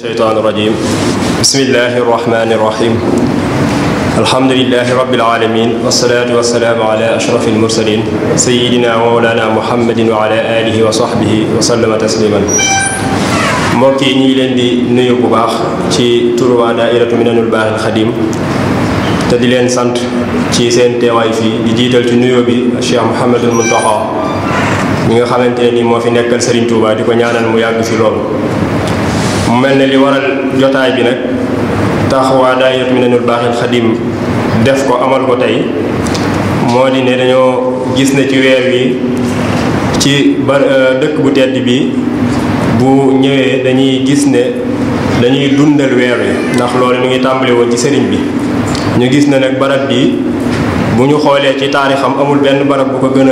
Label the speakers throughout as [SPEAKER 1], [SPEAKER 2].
[SPEAKER 1] الشيطان الرجيم بسم الله الرحمن الرحيم الحمد لله رب العالمين والصلاة والسلام على أشرف المرسلين سيدنا ومولانا محمد وعلى آله وصحبه وسلم تسليما mbokk yi ñu ngi leen di nuyu bu baax ci turu waa daairatu minanul baaxil xadim te di leen sant ci seen teewaay fii di jiital ci nuyoo bi Cheikh Mouhamadul Muntaxa ñi nga xamante ne ni moo fi nekkal Serigne Touba di ko ñaanal mu yàgg fi loolu mel na li waral jotaay bi nag taxawaa daayiratu Minanul Baaxil Xadim def ko amal ko tey moo di ne dañoo gis ne ci weer wi ci ba euh, dëkk bu tedd bi bu ñëwee dañuy gis ne dañuy dundal weer wi ndax loolu mi ngi tàmbali woon ci sëriñ bi ñu gis ne nag barab bi bu ñu xoolee ci taarixam amul benn barab bu ko gën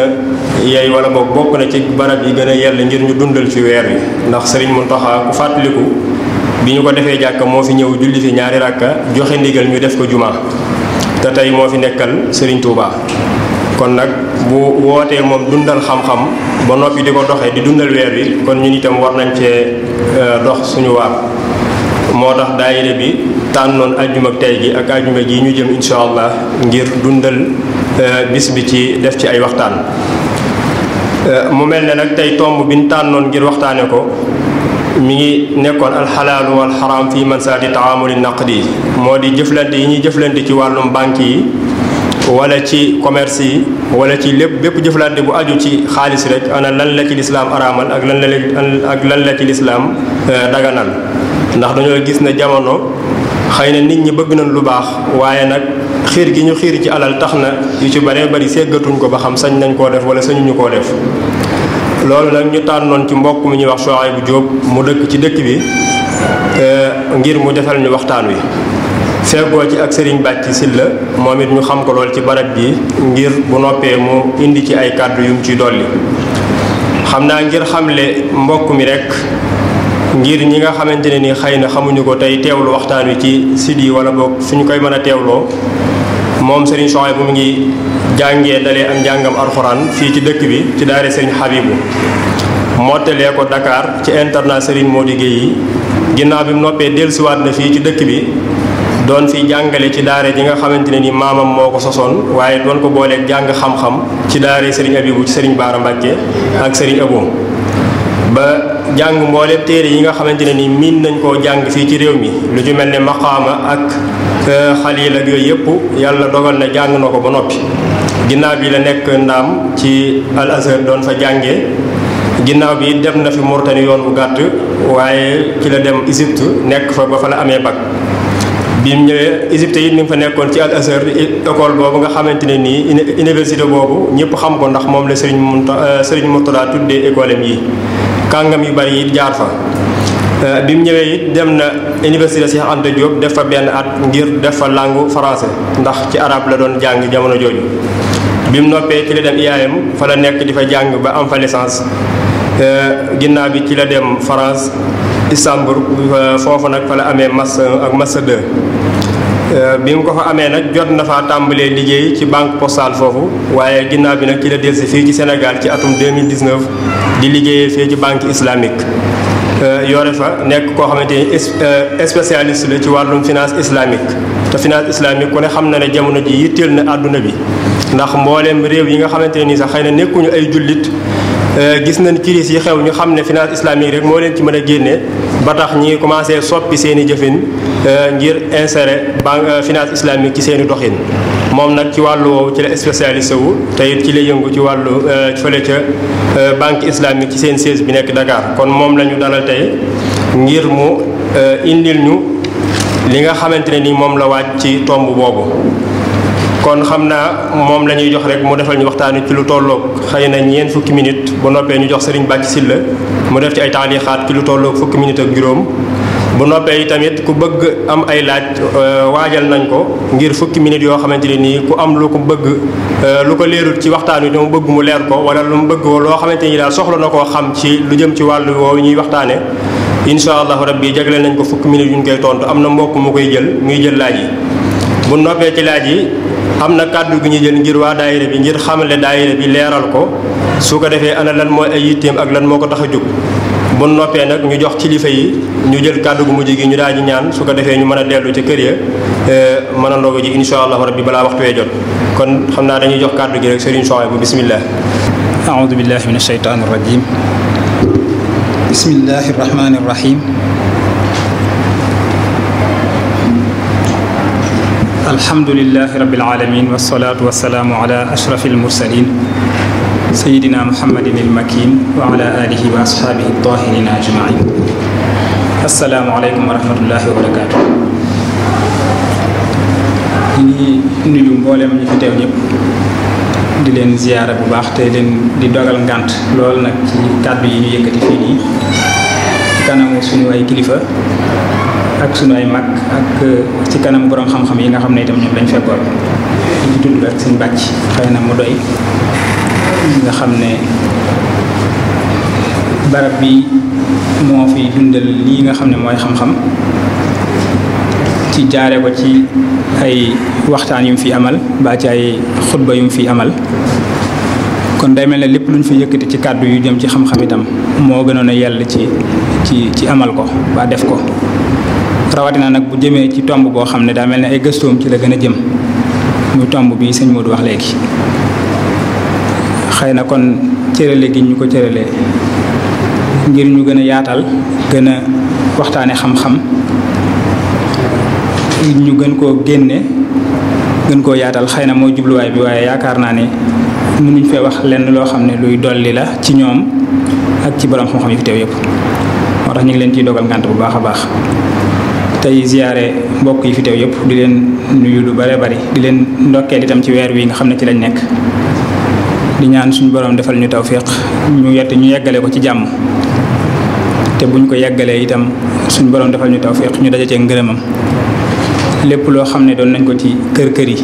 [SPEAKER 1] yeey wala boog bokk na ci barab yi gën a yell ngir ñu dundal fi weer wi ndax sëriñ mun Muntaxa ku fàttaliku bi ñu ko defee jàkka moo fi ñëw julli fi ñaari ràkka joxe ndigal ñu def ko jumaa te tey moo fi nekkal sëriñ Touba. kon nag bu wootee moom dundal xam-xam ba noppi di ko doxee di dundal weer wi kon ñun itam war nañ cee euh, dox suñu waar moo tax daayira bi tànnoon ajjuma tey gi ak ajjuma ji ñu jëm incha allah ngir dundal euh, bis bi ci def ci ay waxtaan Euh, mu mel ne nag tey tomb bi ñu tànnoon ngir waxtaane ko mu ngi nekkoon alxalaalu wal xaraam fii mansaati taamuli di moo di jëflante yi ñuy jëflante ci wàllum banque yi wala ci commerce yi wala ci lépp bépp jëflante bu aju ci xaalis rek ana lan la ci lislaam araamal ak lan la ak lan la ci lislaam euh, daganal ndax dañoo gis ne jamono xëy na nit ñi bëgg nañ lu baax waaye nag xiir gi ñu xiir ci alal tax na yu ci baree bari séggatuñ ko ba xam sañ nañ koo def wala sañuñu koo def loolu nag ñu tànnoon ci mbokk mi ñuy wax Soxaay bu Jóob mu dëkk ci dëkk bi ngir mu defal ñu waxtaan wi feggoo ci ak sëriñ bàcc silla moom it ñu xam ko lool ci barab bi ngir bu noppee mu indi ci ay kàddu yu mu ciy dolli xam naa ngir xamle mbokk mi rekk ngir ñi nga xamante ne ni xëy na xamuñu ko tey teewlu waxtaan wi ci sidi yi wala boog suñu koy mën a teewloo moom Serigne Souhaïbou mu ngi jàngee dalee ak njàngam alxuraan fii ci dëkk bi ci daare Serigne Habibou mottalee ko Dakar ci internat Serigne Mody Guèye yi ginnaaw bi mu noppee dellusiwaat na fii ci dëkk bi doon fi jàngale ci daare ji nga xamante ne ni maamam moo ko sosoon waaye doon ko booleeg jàng xam-xam ci daare Serigne Habibou ci Serigne Bara Mbacké ak Serigne Abo ba jàng mboolem téere yi nga xamante ne ni miin nañ koo jàng fii ci réew mi lu ci mel ne maqaama ak e, xaliil ak yooyu yëpp yàlla dogal na jàng na ko ba noppi ginnaaw bi la nekk ndaam ci al azhar doon fa jànge ginnaaw bi dem na fi Mauritanie yoon bu gàtt waaye ci la dem Égypte nekk fa ba fa la amee bac bi mu ñëwee Égypte yi ni fa nekkoon ci al azhar école boobu nga xamante ne nii université boobu ñëpp xam ko ndax moom la Serigne Mountakha e, Serigne Mountakha tuddee école am yi kàngam yu bari it jaar fa eh, bi mu ñëwee it dem na université Cheikh Anta Diop def fa benn at ngir def fa langue français ndax ci arab la doon jàng jamono jooju bi mu noppee ci la dem IAM fa la nekk di fa jàng ba am fa licence eh, ginnaaw bi ci la dem France Istanbul eh, foofu nag fa la amee master ak massa 2 Euh, bi mu ko fa amee nag jot na faa tàmbalee liggéey ci banque postale foofu waaye ginnaaw bi nag ci la delsi fii ci Sénégal ci atum 2019 di liggéeyee fii ci banque islamique euh, yoore fa nekk koo xamante ni euh, spécialiste la ci wàllum finance islamique te finance islamique ku ne xam na ne jamono ji yitteel na àdduna bi ndax mbooleem réew yi nga xamante ne nii sax xëy na nekkuñu ay jullit gis nañ crise yi xew ñu xam ne finance islamique rek moo leen ci mën a génnee ba tax ñi commencé soppi seen i jëfin euh, ngir insérer banque euh, finance islamique ci seeni i doxin moom nag ci wàllu woowu ci la spécialiste wu te ci la yëngu ci wàllu euh, fële ca banque islamique ci seen siège bi nekk Dakar kon moom la ñu dalal tey ngir mu indil ñu li nga xamante ne ni moom la wàcc ci tomb boobu kon xam naa moom la ñuy jox rek mu defal ñu waxtaan ci lu tolloog xëy na ñeent fukki minutes bu noppee ñu jox Serigne Bàcc Silla mu def ci ay taalixaat ci lu tolloog fukki minute ak juróom bu noppee tamit ku bëgg am ay laaj euh, waajal nañ ko ngir fukki minute yoo xamante ne nii ku am lu ko bëgg euh, lu ko leerut ci waxtaan wi te mu bëgg mu leer ko wala lu mu bëgg loo xamante ni daal soxla na koo xam ci lu jëm ci wàllu woowu ñuy waxtaane incha allahu rabbi jagleel nañ ko fukki minute yu ñu koy tontu am na mbokk mu koy jël muy jël laaj yi bu noppee ci laaj yi am na kàddu gi ñuy jël ngir waa daayira bi ngir xamale daayira bi leeral ko su ko defee ana lan mooy ay yitteem ak lan moo ko tax a jóg bu noppee nag ñu jox kilifa yi ñu jël kàddu gu mu gi ñu daal di ñaan su ko defee ñu mën a dellu ci kër ya eh, mën a ndogu ji insha allahu rabbi balaa waxtu wee jot kon xam naa dañuy jox kàddu gi rek sëriñ Soxay bu bismillah aoudu billahi min asheytaan irrajim bismillahi irrahmani irrahim
[SPEAKER 2] alhamdulilahi rabil alamin wasalaatu wasalaamu ala ashrafil sayidina muhammadin ilmakin wa ala alihi wa ashaabihi tahirina ajmain asalaamualeykum wa rahmatullahi wa barakaatu ñu ngi nuyu mbooleem ñu fi teew ñëpp di leen ziyaara bu baax te leen di dogal ngànt lool nag ci kàddu yi ñu yëkkati fii nii kanamu suñu ay kilifa ak suñu ay mag ak uh, ci kanam borom xam-xam yi nga xam ne itam ñoom lañ fekkoon di tudd ak suñu bàcc xëy na mu doy nga xam ne barab bi moo fi dundal lii nga xam ne mooy xam-xam ci jaare ko ci ay waxtaan yu mu fi amal ba ci ay xutba yu mu fi amal kon day mel ne lépp lu ñu fi yëkkati ci kàddu yu jëm ci xam-xam itam moo gënoon a yell ci ci ci amal ko ba def ko rawatina nag bu jëmee ci tomb boo xam ne daa mel ne ay gëstoom ci la gën a jëm muy tomb bi sëñ Modou wax léegi xëy na kon cërale gi ñu ko cëralee ngir ñu gën a yaatal gën a waxtaane xam-xam ñu gën koo génne gën koo yaatal xay na mooy jubluwaay bi waaye yaakaar naa ne mënuñ fee wax lenn loo xam ne luy dolli la ci ñoom ak ci borom xam-xam yi fi teew yëpp moo ñu ngi leen ciy dogal ngànt bu baax a baax tey ziyaare mbokk yi fi teew yëpp di leen nuyu lu bare bari di leen ndokkee itam ci weer wii nga xam ne ci lañ nekk di ñaan suñu borom defal ñu tawfiq ñu yett ñu yeggale ko ci jàmm te buñ ko yeggalee itam suñu borom defal ñu tawfiq ñu daje cee ngërëmam lépp loo xam ne doon nañ ko ci kër kër yi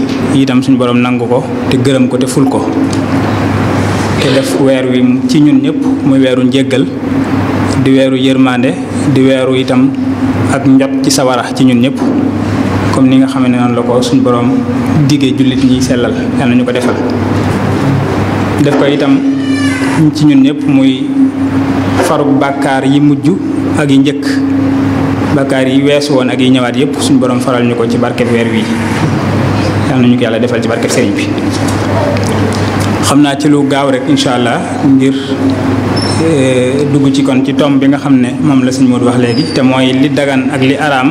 [SPEAKER 2] itam suñu borom nangu ko te gërëm ko te ful ko te def weer wi ci ñun ñëpp muy weeru njéggal di weeru yërmande di weeru itam ak njot ci sawara ci ñun ñëpp comme ni nga xam ne noonu la ko suñu boroom diggee jullit ñi sellal yal na ñu ko defal def ko itam ci ñun ñëpp muy farug bàkkaar yi mujj ak yi njëkk bàkkaar yi weesu woon ak yi ñëwaat yëpp suñu borom faral ñu ko ci barkeb weer wi yal na ñu ko yàlla defal ci barkeb sëriñ bi xam naa ci lu gaaw rek incha allah ngir eh, dugg ci kon ci tom bi nga xam ne moom la sëñ Modou wax léegi te mooy li dagan ak li araam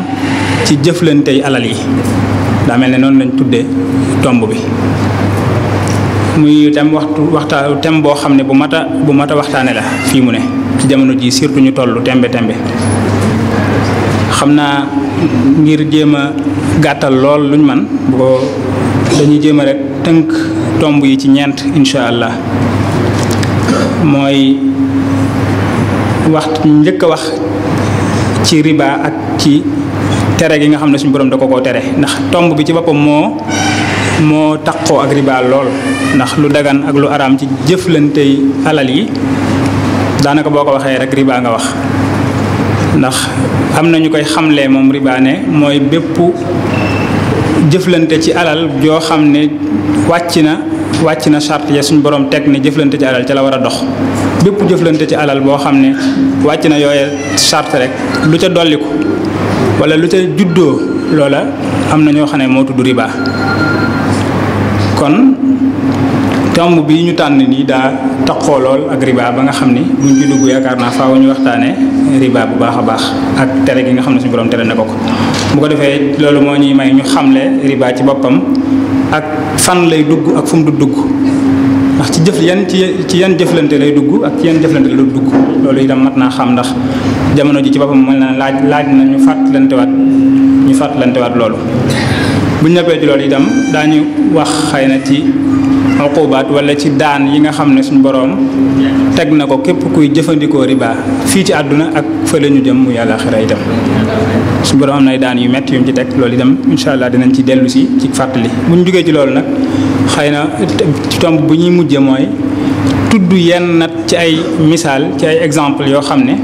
[SPEAKER 2] ci jëflantey alal yi daa mel ne noonu lañ tudde tomb bi muy itam waxtu waxtaan tem boo xam ne bu mat a bu mat a waxtaane la fii mu ne ci jamono ji surtout ñu tollu tembe tembe xam naa ngir jéem a gàttal lool luñ man bu dañuy jéem a rek tënk tomb yi ci ñeent incha allah mooy wax njëkk a wax ci riba ak ci tere gi nga xam ne suñu borom da ko koo tere ndax tomb bi ci boppam moo moo taqoo ak riba lool ndax lu dagan ak lu araam ci jëflantey alal yi daanaka boo ko waxee rek riba nga wax ndax am na ñu koy xamlee moom riba ne mooy bépp jëflante ci alal joo xam ne wàcc na wàcc na charte ya suñ borom teg ne jëflante ci alal ca la war a dox bépp jëflante ci alal boo xam ne wàcc na yooye charte rek lu ca dolliku wala lu ca juddoo loola am na ñoo xam ne moo tudd riba kon tomb bi ñu tànn nii daa taxoo lool ak riba ba nga xam ni buñ ci dugg yaakaar naa faaw ñu waxtaanee riba bu baax a baax ak tere gi nga xam ne suñu borom tere na ko ko bu ko defee loolu moo ñuy may ñu xamle riba ci boppam ak fan lay dugg ak fu du dugg ndax ci jëf yan ci ci yan jëflante lay dugg ak ci yan jëflante lay dugg loolu itam mat naa xam ndax jamono ji ci boppam mën na laaj laaj na ñu fàttalantewaat ñu fàttalantewaat loolu. bu ñu noppee ci loolu itam daañu wax xëy na ci uqubaat wala ci daan yi nga xam ne suñ boroom teg na ko képp kuy jëfandikoo ribaa fii ci àdduna ak fële ñu jëm mu yàlla xira itam suñu boroom am nay daan yu métti yu ci teg loolu itam incha allah dinañ ci dellu si ci fàttali bu ñu jógee ci loolu nag xëy na ci tomb bu ñuy mujje mooy tudd yenn nat ci ay misaal ci ay exemple yoo xam ne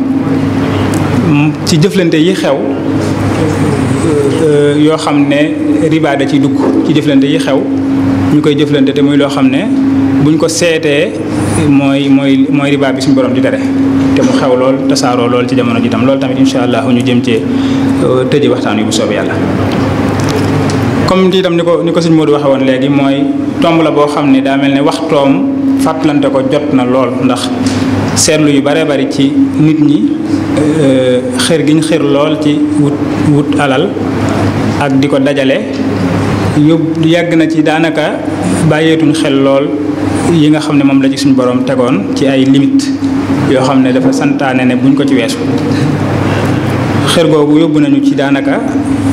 [SPEAKER 2] ci jëflante yi xew Euh, yoo xam ne riba da ciy dugg ci jëflante yi xew ñu koy jëflante te muy loo xam ne buñ ko seetee mooy mooy mooy riba bi suñu borom di tere te mu xew lool tasaaroo lool ci jamono ji tam loolu tamit incha allah ñu jëm cee euh, tëje waxtaan wi bu soobee yàlla. comme di tam ni ko ni ko sëñ Modou waxee woon léegi mooy tomb la boo xam ne daa mel ne waxtoom fàttalante ko jot na lool ndax. seetlu yu bare bari ci nit ñi euh, xër giñ ñu lool ci wut wut alal ak di ko dajale yóbbu yàgg na ci daanaka bàyyeetuñ xel lool yi nga xam ne moom la ci suñu borom tegoon ci ay limite yoo xam ne dafa santaane ne buñ ko ci weesu xër googu yóbbu nañu ci daanaka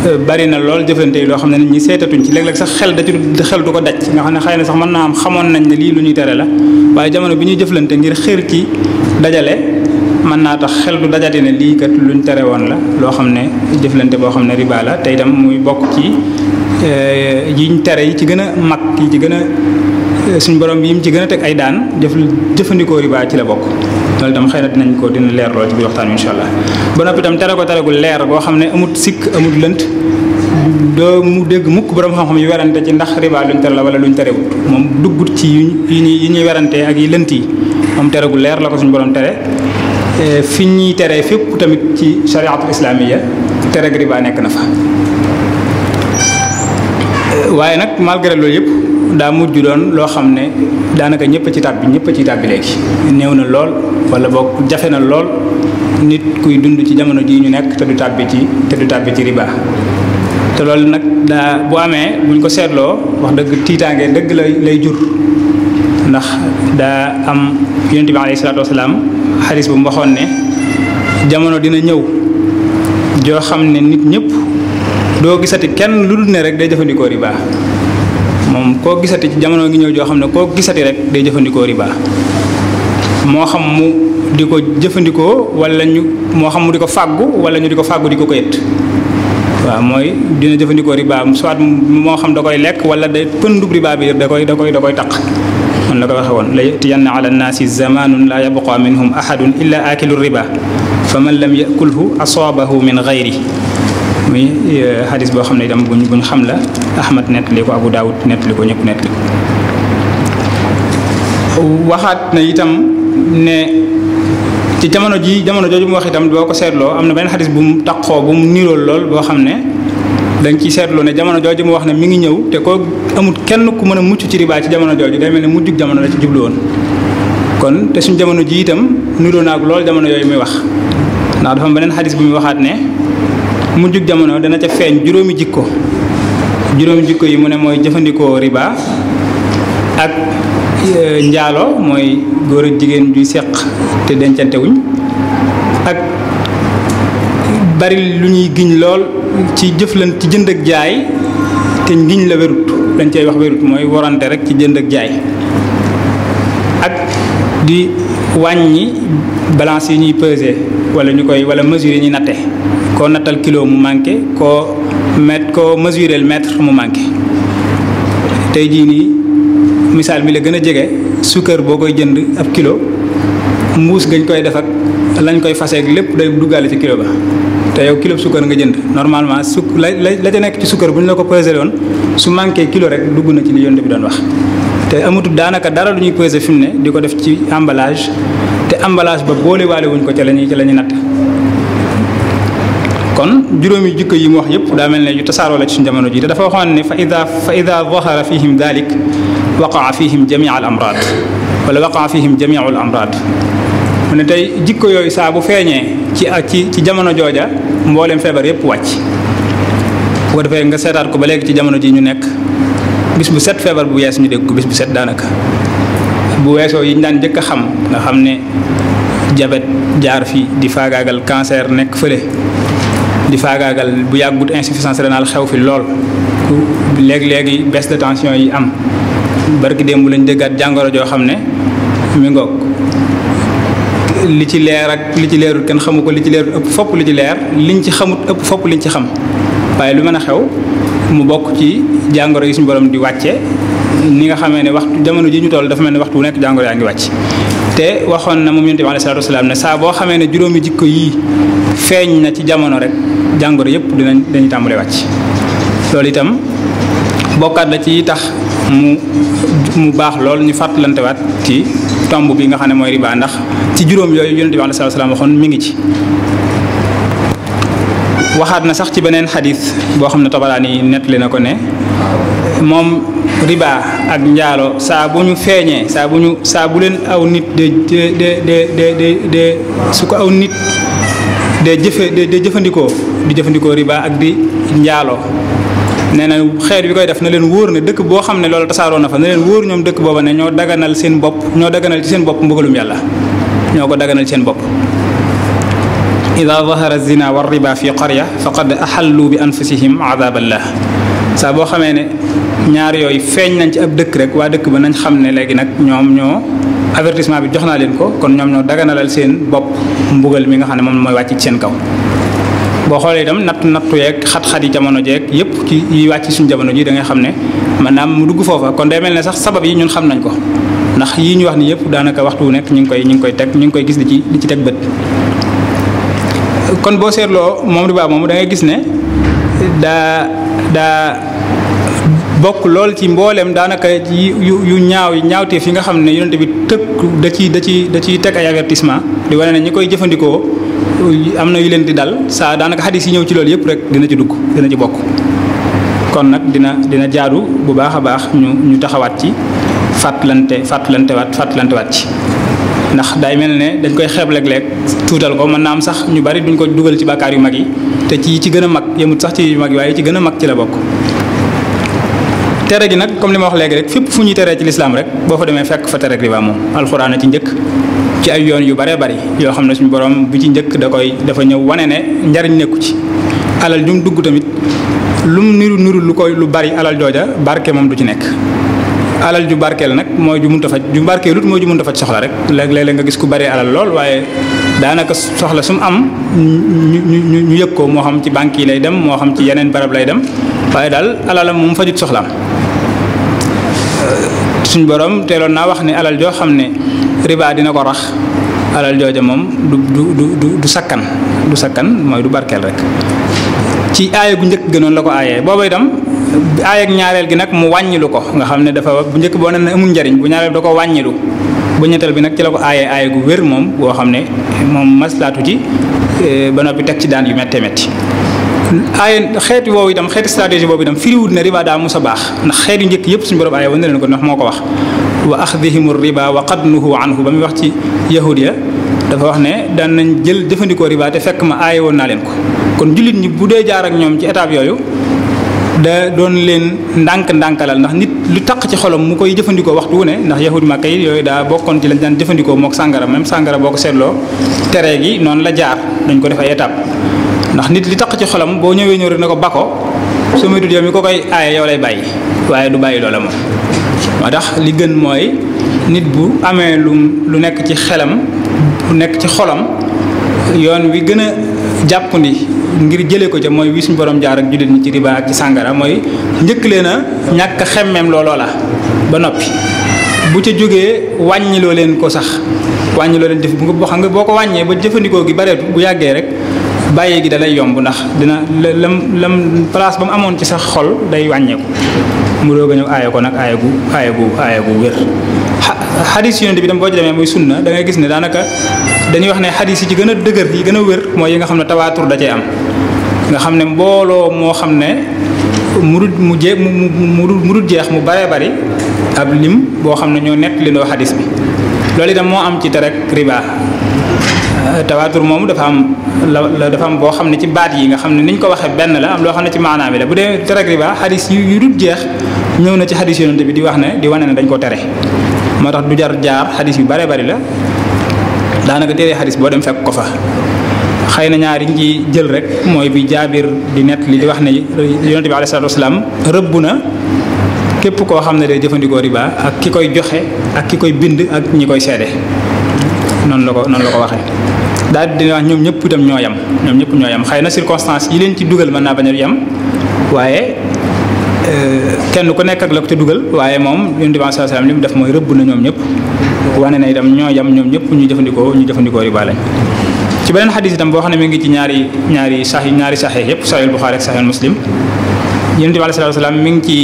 [SPEAKER 2] euh, bari na lool jëflante yi loo xam ne nit ñi seetatuñ ci léeg-léeg sax xel da xel du ko daj nga xam ne xëy na sax mën naa am xamoon nañ ne lii lu ñuy tere la waaye jamono bi ñuy jëflante ngir xër ci dajale mën naa tax xel du dajate ne lii kat luñ tere woon la loo xam ne jëflante boo xam ne riba la te itam muy bokk ci euh, yiñ tere yi ci gën a mag yi ci gën a euh, suñ borom yi mu ci gën a teg ay daan jëf jëfandikoo riba ci la bokk loolu itam xëy na dinañ ko dina leer lool ci biir waxtaan wi incha allah ba noppi itam tere ko tere gu leer boo xam ne amut sikk amut lënt doo mu dégg mukk borom xam-xam yu werante ci ndax riba luñ tere la wala luñ terewut moom duggut ci yu ñuy yu ñuy werante ak yi lënt yi moom tere gu leer la ko suñu borom tere e, fi ñuy tere fépp tamit ci chariatul islamiya tere riba nekk na fa e, waaye nag malgré loolu yëpp. daa mujj doon loo xam ne daanaka ñëpp ci tàbbi ñëpp ci tàbbi léegi néew na lool wala boog jafe na lool nit kuy dund ci jamono jii ñu nekk te du tàbbi ci te du tàbbi ci riba te loolu nag daa boo amee buñ ko seetloo wax dëgg tiitaange dëgg lay lay jur ndax daa am yonent bi alayhi salaatu wasalaam xaris bu mu ne jamono dina ñëw joo xam ne nit ñëpp doo gisati kenn lu dul ne rek day jëfandikoo riba moom koo gisati ci jamono ngi ñëw joo xam ne koo gisati rek day jëfandikoo riba moo xam mu di ko jëfandikoo wala ñu moo xam mu di ko fàggu wala ñu di ko fàggu di ko ko yët waaw mooy dina jëfandikoo riba soit moo xam da koy lekk wala day pëndub riba bi da koy da koy da koy taq man la ko waxee woon la yatiyanna ala nnaasi zamanun laa yabqa minhum ahadun illa akilu riba fa man lam yakulhu asaabahu min gayri muy xadis euh, boo xam ne itam buñ buñ xam la Ahmad nettali ko Abu Daawud nettali ko ñëpp nettali ko waxaat na itam ne. ci jamono ji jamono jooju mu wax itam boo ko seetloo am na benn xadis bu mu taqoo bu mu nirool lool boo xam ne dañ ciy seetloo ne jamono jooju mu wax ne mi ngi ñëw te ko amul kenn ku mën a mucc ci riba ci jamono jooju day mel ne mujjug jamono la ci jublu woon kon te suñ jamono ji itam niroo naag lool jamono yooyu muy wax ndax dafa beneen xadis bu muy waxaat ne mujjug jamono dana ca feeñ juróomi jikko juróomi jikko yi mu ne mooy jëfandikoo riba ak e, njaalo mooy góor ak jigéen juy seq te dañ ca wuñ ak bari lu ñuy giñ lool ci jëflan ci jënd ak jaay te ngiñ la wérut lañ cay wax wérut mooy warante rek ci jënd ak jaay ak di wàññi balance yi ñuy peser walla ñu koy wala mesure yi ñuy natte koo nattal kilo mu manqué koo mètre koo mesurel mètre mu manqué tey jii nii misaal mi la gën a jege suukar boo koy jënd ab kilo mbuus gañ koy def lañ koy faseeg lépp day duggaale ci kilo ba te yow kilo suukar nga jënd normalement su la la ca nekk ci suukar bu ñu la ko pesé woon su manqué kilo rek dugg na ci li yonent bi doon wax te amatul daanaka dara lu ñuy pesé fi mu ne di ko def ci emballage te emballage ba boolewaale wuñ ko ca la ñuy la ñuy natt kon juróomi jikko yi mu wax yëpp daa mel ne yu tasaaroo la ci suñu jamono ji te dafa waxoon ne fa ida fa ida zahara fihim dalik waqaa fihim jamia al amrad wala waqaa fihim jamia al amrad mu ne tey jikko yooyu saa bu feeñee ci ci ci jamono jooja mbooleem feebar yëpp wàcc bu defee nga seetaat ko ba léegi ci jamono ji ñu nekk bis bu set feebar bu yees ñu dégg ko bis bu set daanaka bu weesoo yi ñu daan njëkk a xam nga xam ne jabet jaar fi di faagaagal cancer nekk fële di faagaagal bu yàggut insuffisance rénale xew fi lool léegi-léegi baisse de tension yi am barki démb lañ déggaat jàngoro joo xam ne mi ngoog li ci leer ak li ci leerul kenn xamu ko li ci leerul ëpp fopp li ci leer liñ ci xamut ëpp fopp liñ ci xam waaye lu mën a xew mu bokk ci jàngoro yi suñu borom di wàcce ni nga xamee ne waxtu jamono ji ñu dafa mel ne waxtu wu nekk jàngoro yaa ngi wàcc te waxoon na moom yonent bi alayhi salaatu wasalaam ne saa boo xamee ne juróomi jikko yii feeñ na ci jamono rek jàngoro yëpp dinañ dañu tàmbalee wàcc loolu itam bokkaat la ci tax mu mu baax lool ñu fàttalantewaat ci tomb bi nga xam ne mooy riba ndax ci juróom yooyu yonent bi alayhi salaatu wasalaam waxoon mu ngi ci waxaat na sax ci beneen xadis boo xam ne Tabaraani nettali na ko ne moom riba ak njaalo saa bu ñu feeñee saa bu ñu saa bu leen aw nit de de de de de su ko aw nit de jëfe de jëfandikoo di jëfandikoo riba ak di njaalo nee na xeet bi koy def na leen wóor na dëkk boo xam ne loolu tasaaroo na fa na leen wóor ñoom dëkk booba ne ñoo daganal seen bopp ñoo daganal ci seen bopp mbugalum yàlla ñoo ko daganal seen bopp ida zahara zina wa riba fi qarya faqad axallu bi anfusihim adab allah saa boo xamee ne ñaar yooyu feeñ nañ ci ab dëkk rek waa dëkk ba nañ xam ne léegi nag ñoom ñoo avertissement bi jox naa leen ko kon ñoom ñoo daganalal seen bopp mbugal mi nga xam ne moom mooy wàcc ci seen kaw. boo xoolee itam nattu nattu yeeg xat-xat yi jamono jeeg yépp ci yi wàcc suñu jamono ji da ngay xam ne maanaam mu dugg foofa kon day mel ne sax sabab yi ñun xam nañ ko ndax yii ñu wax ni yépp daanaka waxtu wu nekk ñu ngi koy ñu ngi koy teg ñu ngi koy gis di ci di ci teg bët. kon boo seetloo moom riba moom da ngay gis ne daa daa bokk lool ci mbooleem daanaka yu ñaaw yi ñaawtee fi nga xam ne yonent bi tëkk da ci da ci da ciy teg ay avertissement di wane ne ñi koy jëfandikoo am na yu leen di dal saa daanaka xadis yi ñëw ci loolu yëpp rek dina ci dugg dina ci bokk kon nag dina dina jaadu bu baax a baax ñu ñu taxawaat ci fàttalante fàttalante waat fàttalante waat ci ndax day mel ne dañ koy xeeb léeg-léeg tuutal ko mën na am sax ñu bari duñ ko dugal ci bàkkaar yu mag yi te ci ci gën a mag yemut sax ci yu mag yi waaye ci gën a mag ci la bokk tere gi nag comme li ma wax léegi rek fépp fu ñuy teree ci lislaam rek boo fa demee fekk fa tere riba moom alxuraan a ci njëkk ci ay yoon yu baree bari yoo xam ne suñu borom bu ci njëkk da koy dafa ñëw wane ne njariñ nekku ci alal ju mu dugg tamit lu mu niru niru lu koy lu bari alal jooja barke moom du ci nekk alal ju barkeel nag mooy ju munta faj ju barkeelut mooy ju munta faj soxla rek léeg-léeg nga gis ku bari alal lool waaye daanaka soxla su mu am ñu ñu ñu yëg ko moo xam ci banque yi lay dem moo xam ci yeneen barab lay dem waaye daal alalam moom fajut soxlaam suñ borom teeloon naa wax ni alal joo xam ne riba dina ko rax alal jooja moom du du du sakkan du sakkan mooy du barkeel rek ci aaya gu njëkk gënoon la ko aayee booba itam aaya ak ñaareel gi nag mu wàññilu ko nga xam ne dafa bu njëkk boo ne na amul njariñ bu ñaareel da ko wàññilu bu ñetteel bi nag ci la ko aayee aaya gu wér moom boo xam ne moom maslaatu ci eh, ba noppi teg ci daan yu méttee metti aaye xeeti woowu itam xeeti stratégie boobu itam firiwut na riba daa mus a baax ndax xeet yu njëkk yëpp suñu borom aaye woon na leen ko ndax moo ko wax wa axdihimu riba wa qadnuhu anhu ba muy wax ci yahudiya dafa wax ne daan nañ jël jëfandikoo riba te fekk ma aaye woon naa leen ko kon jullit ñi bu dee jaar ak ñoom ci étape yooyu da doon leen ndànk-ndànkalal ndax nit lu taq ci xolam mu koy jëfandikoo waxtu wu ne ndax yahud ma yi yooyu daa bokkoon ci lañ daan jëfandikoo mook sàngara même sàngara ko seetloo tere gi noonu la jaar dañ ko def ay étape ndax nit li taq ci xolam boo ñëwee ñëw rek ne ko bako su ma tuddee mi ko koy aaye yow lay bàyyi waaye du bàyyi loola moom. moo tax li gën mooy nit bu amee lu nekk ci xelam lu nekk ci xolam yoon wi gën a jàppandi ngir jëlee ko ca mooy wi suñu borom jaar ak jullit ñi ci riba ak ci sàngara mooy njëkk leen a ñàkk xemmeem looloo la ba noppi bu ca jógee wàññiloo leen ko sax wàññiloo leen def bu nga xam nga boo ko wàññee ba jëfandikoo gi bareetu bu yàggee rek bàyyi gi da yomb ndax dina lam lam place ba mu amoon ci sa xol day wàññeeku mu doog ñëw aaye ko nag aaye gu aaye gu aaye gu wér xadis yonent bi tam boo ci demee muy sunna dangay gis ne daanaka dañuy wax ne xadis yi ci gën a dëgër yi gën a wér mooy yi nga xam ne tawaatur da cee am nga xam ne mbooloo moo xam ne mu dul mu jeex mu dul jeex mu bare bari ab lim boo xam ne ñoo nett li ndoo xadis bi loolu itam moo am ci terek riba Euh, tawaatur moomu dafa am la dafa am boo xam ne ci baat yi nga xam ne niñ ko waxee benn la am loo xam ne ci maanaam bi la bu dee tere riba xadis yu dul jeex ñëw na ci xadis yonent bi di wax ne di wane ne dañ ko tere moo tax du jar jaar xadis yu bare bari la daanaka téere xadis boo dem fekk ko fa xëy na ñaari ci jël rek mooy bi jaabir di nett li di wax ne yonente bi alayhi salaatu wasalaam rëbb na képp koo xam ne day jëfandikoo riba ak ki koy joxe ak ki koy bind ak ñi koy seede noonu la ko noonu la ko waxee daal di wax ñoom ñëpp itam ñoo yem ñoom ñëpp ñoo yem xëy na circonstance yi leen ci dugal mën naa bañ a yem waaye euh, kenn ku nekk ak la ko ci dugal waaye moom yonent bi sallallahu alayhi wasallam mu def mooy rëbb na ñoom ñëpp wane na itam ñoo yem ñoom ñëpp ñu jëfandikoo ñu jëfandikoo riba lañ ci beneen xadis itam boo xam ne mi ngi ci ñaari ñaari sax ñaari saxe yëpp saxil Buxaari ak saxil Muslim yonent bi alayhi salaatu wasalaam mi ngi ci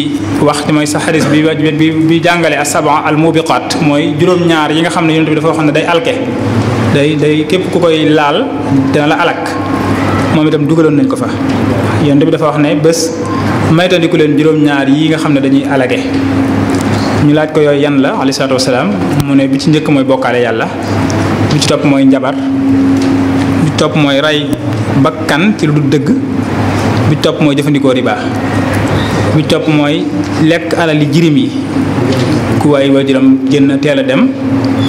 [SPEAKER 2] wax ci mooy sa xadis bi bi jàngale as-sab'a al-mubiqaat mooy juróom-ñaar yi nga xam ne yonent bi dafa wax day alke day day képp ku koy laal dina la alak moom itam dugaloon nañ ko fa yonent bi dafa wax ne bés maytandiku leen juróom-ñaar yi nga xam ne dañuy alage ñu laaj ko yooyu yan la alayhi salaatu wasalaam mu ne bi ci njëkk mooy bokkaale yàlla bi ci topp mooy njabar bi topp mooy rey bakkan ci lu dul dëgg bi ci topp mooy jëfandikoo riba bi ci topp mooy lekk alali jirim yi ku ay waajuram génn teel a dem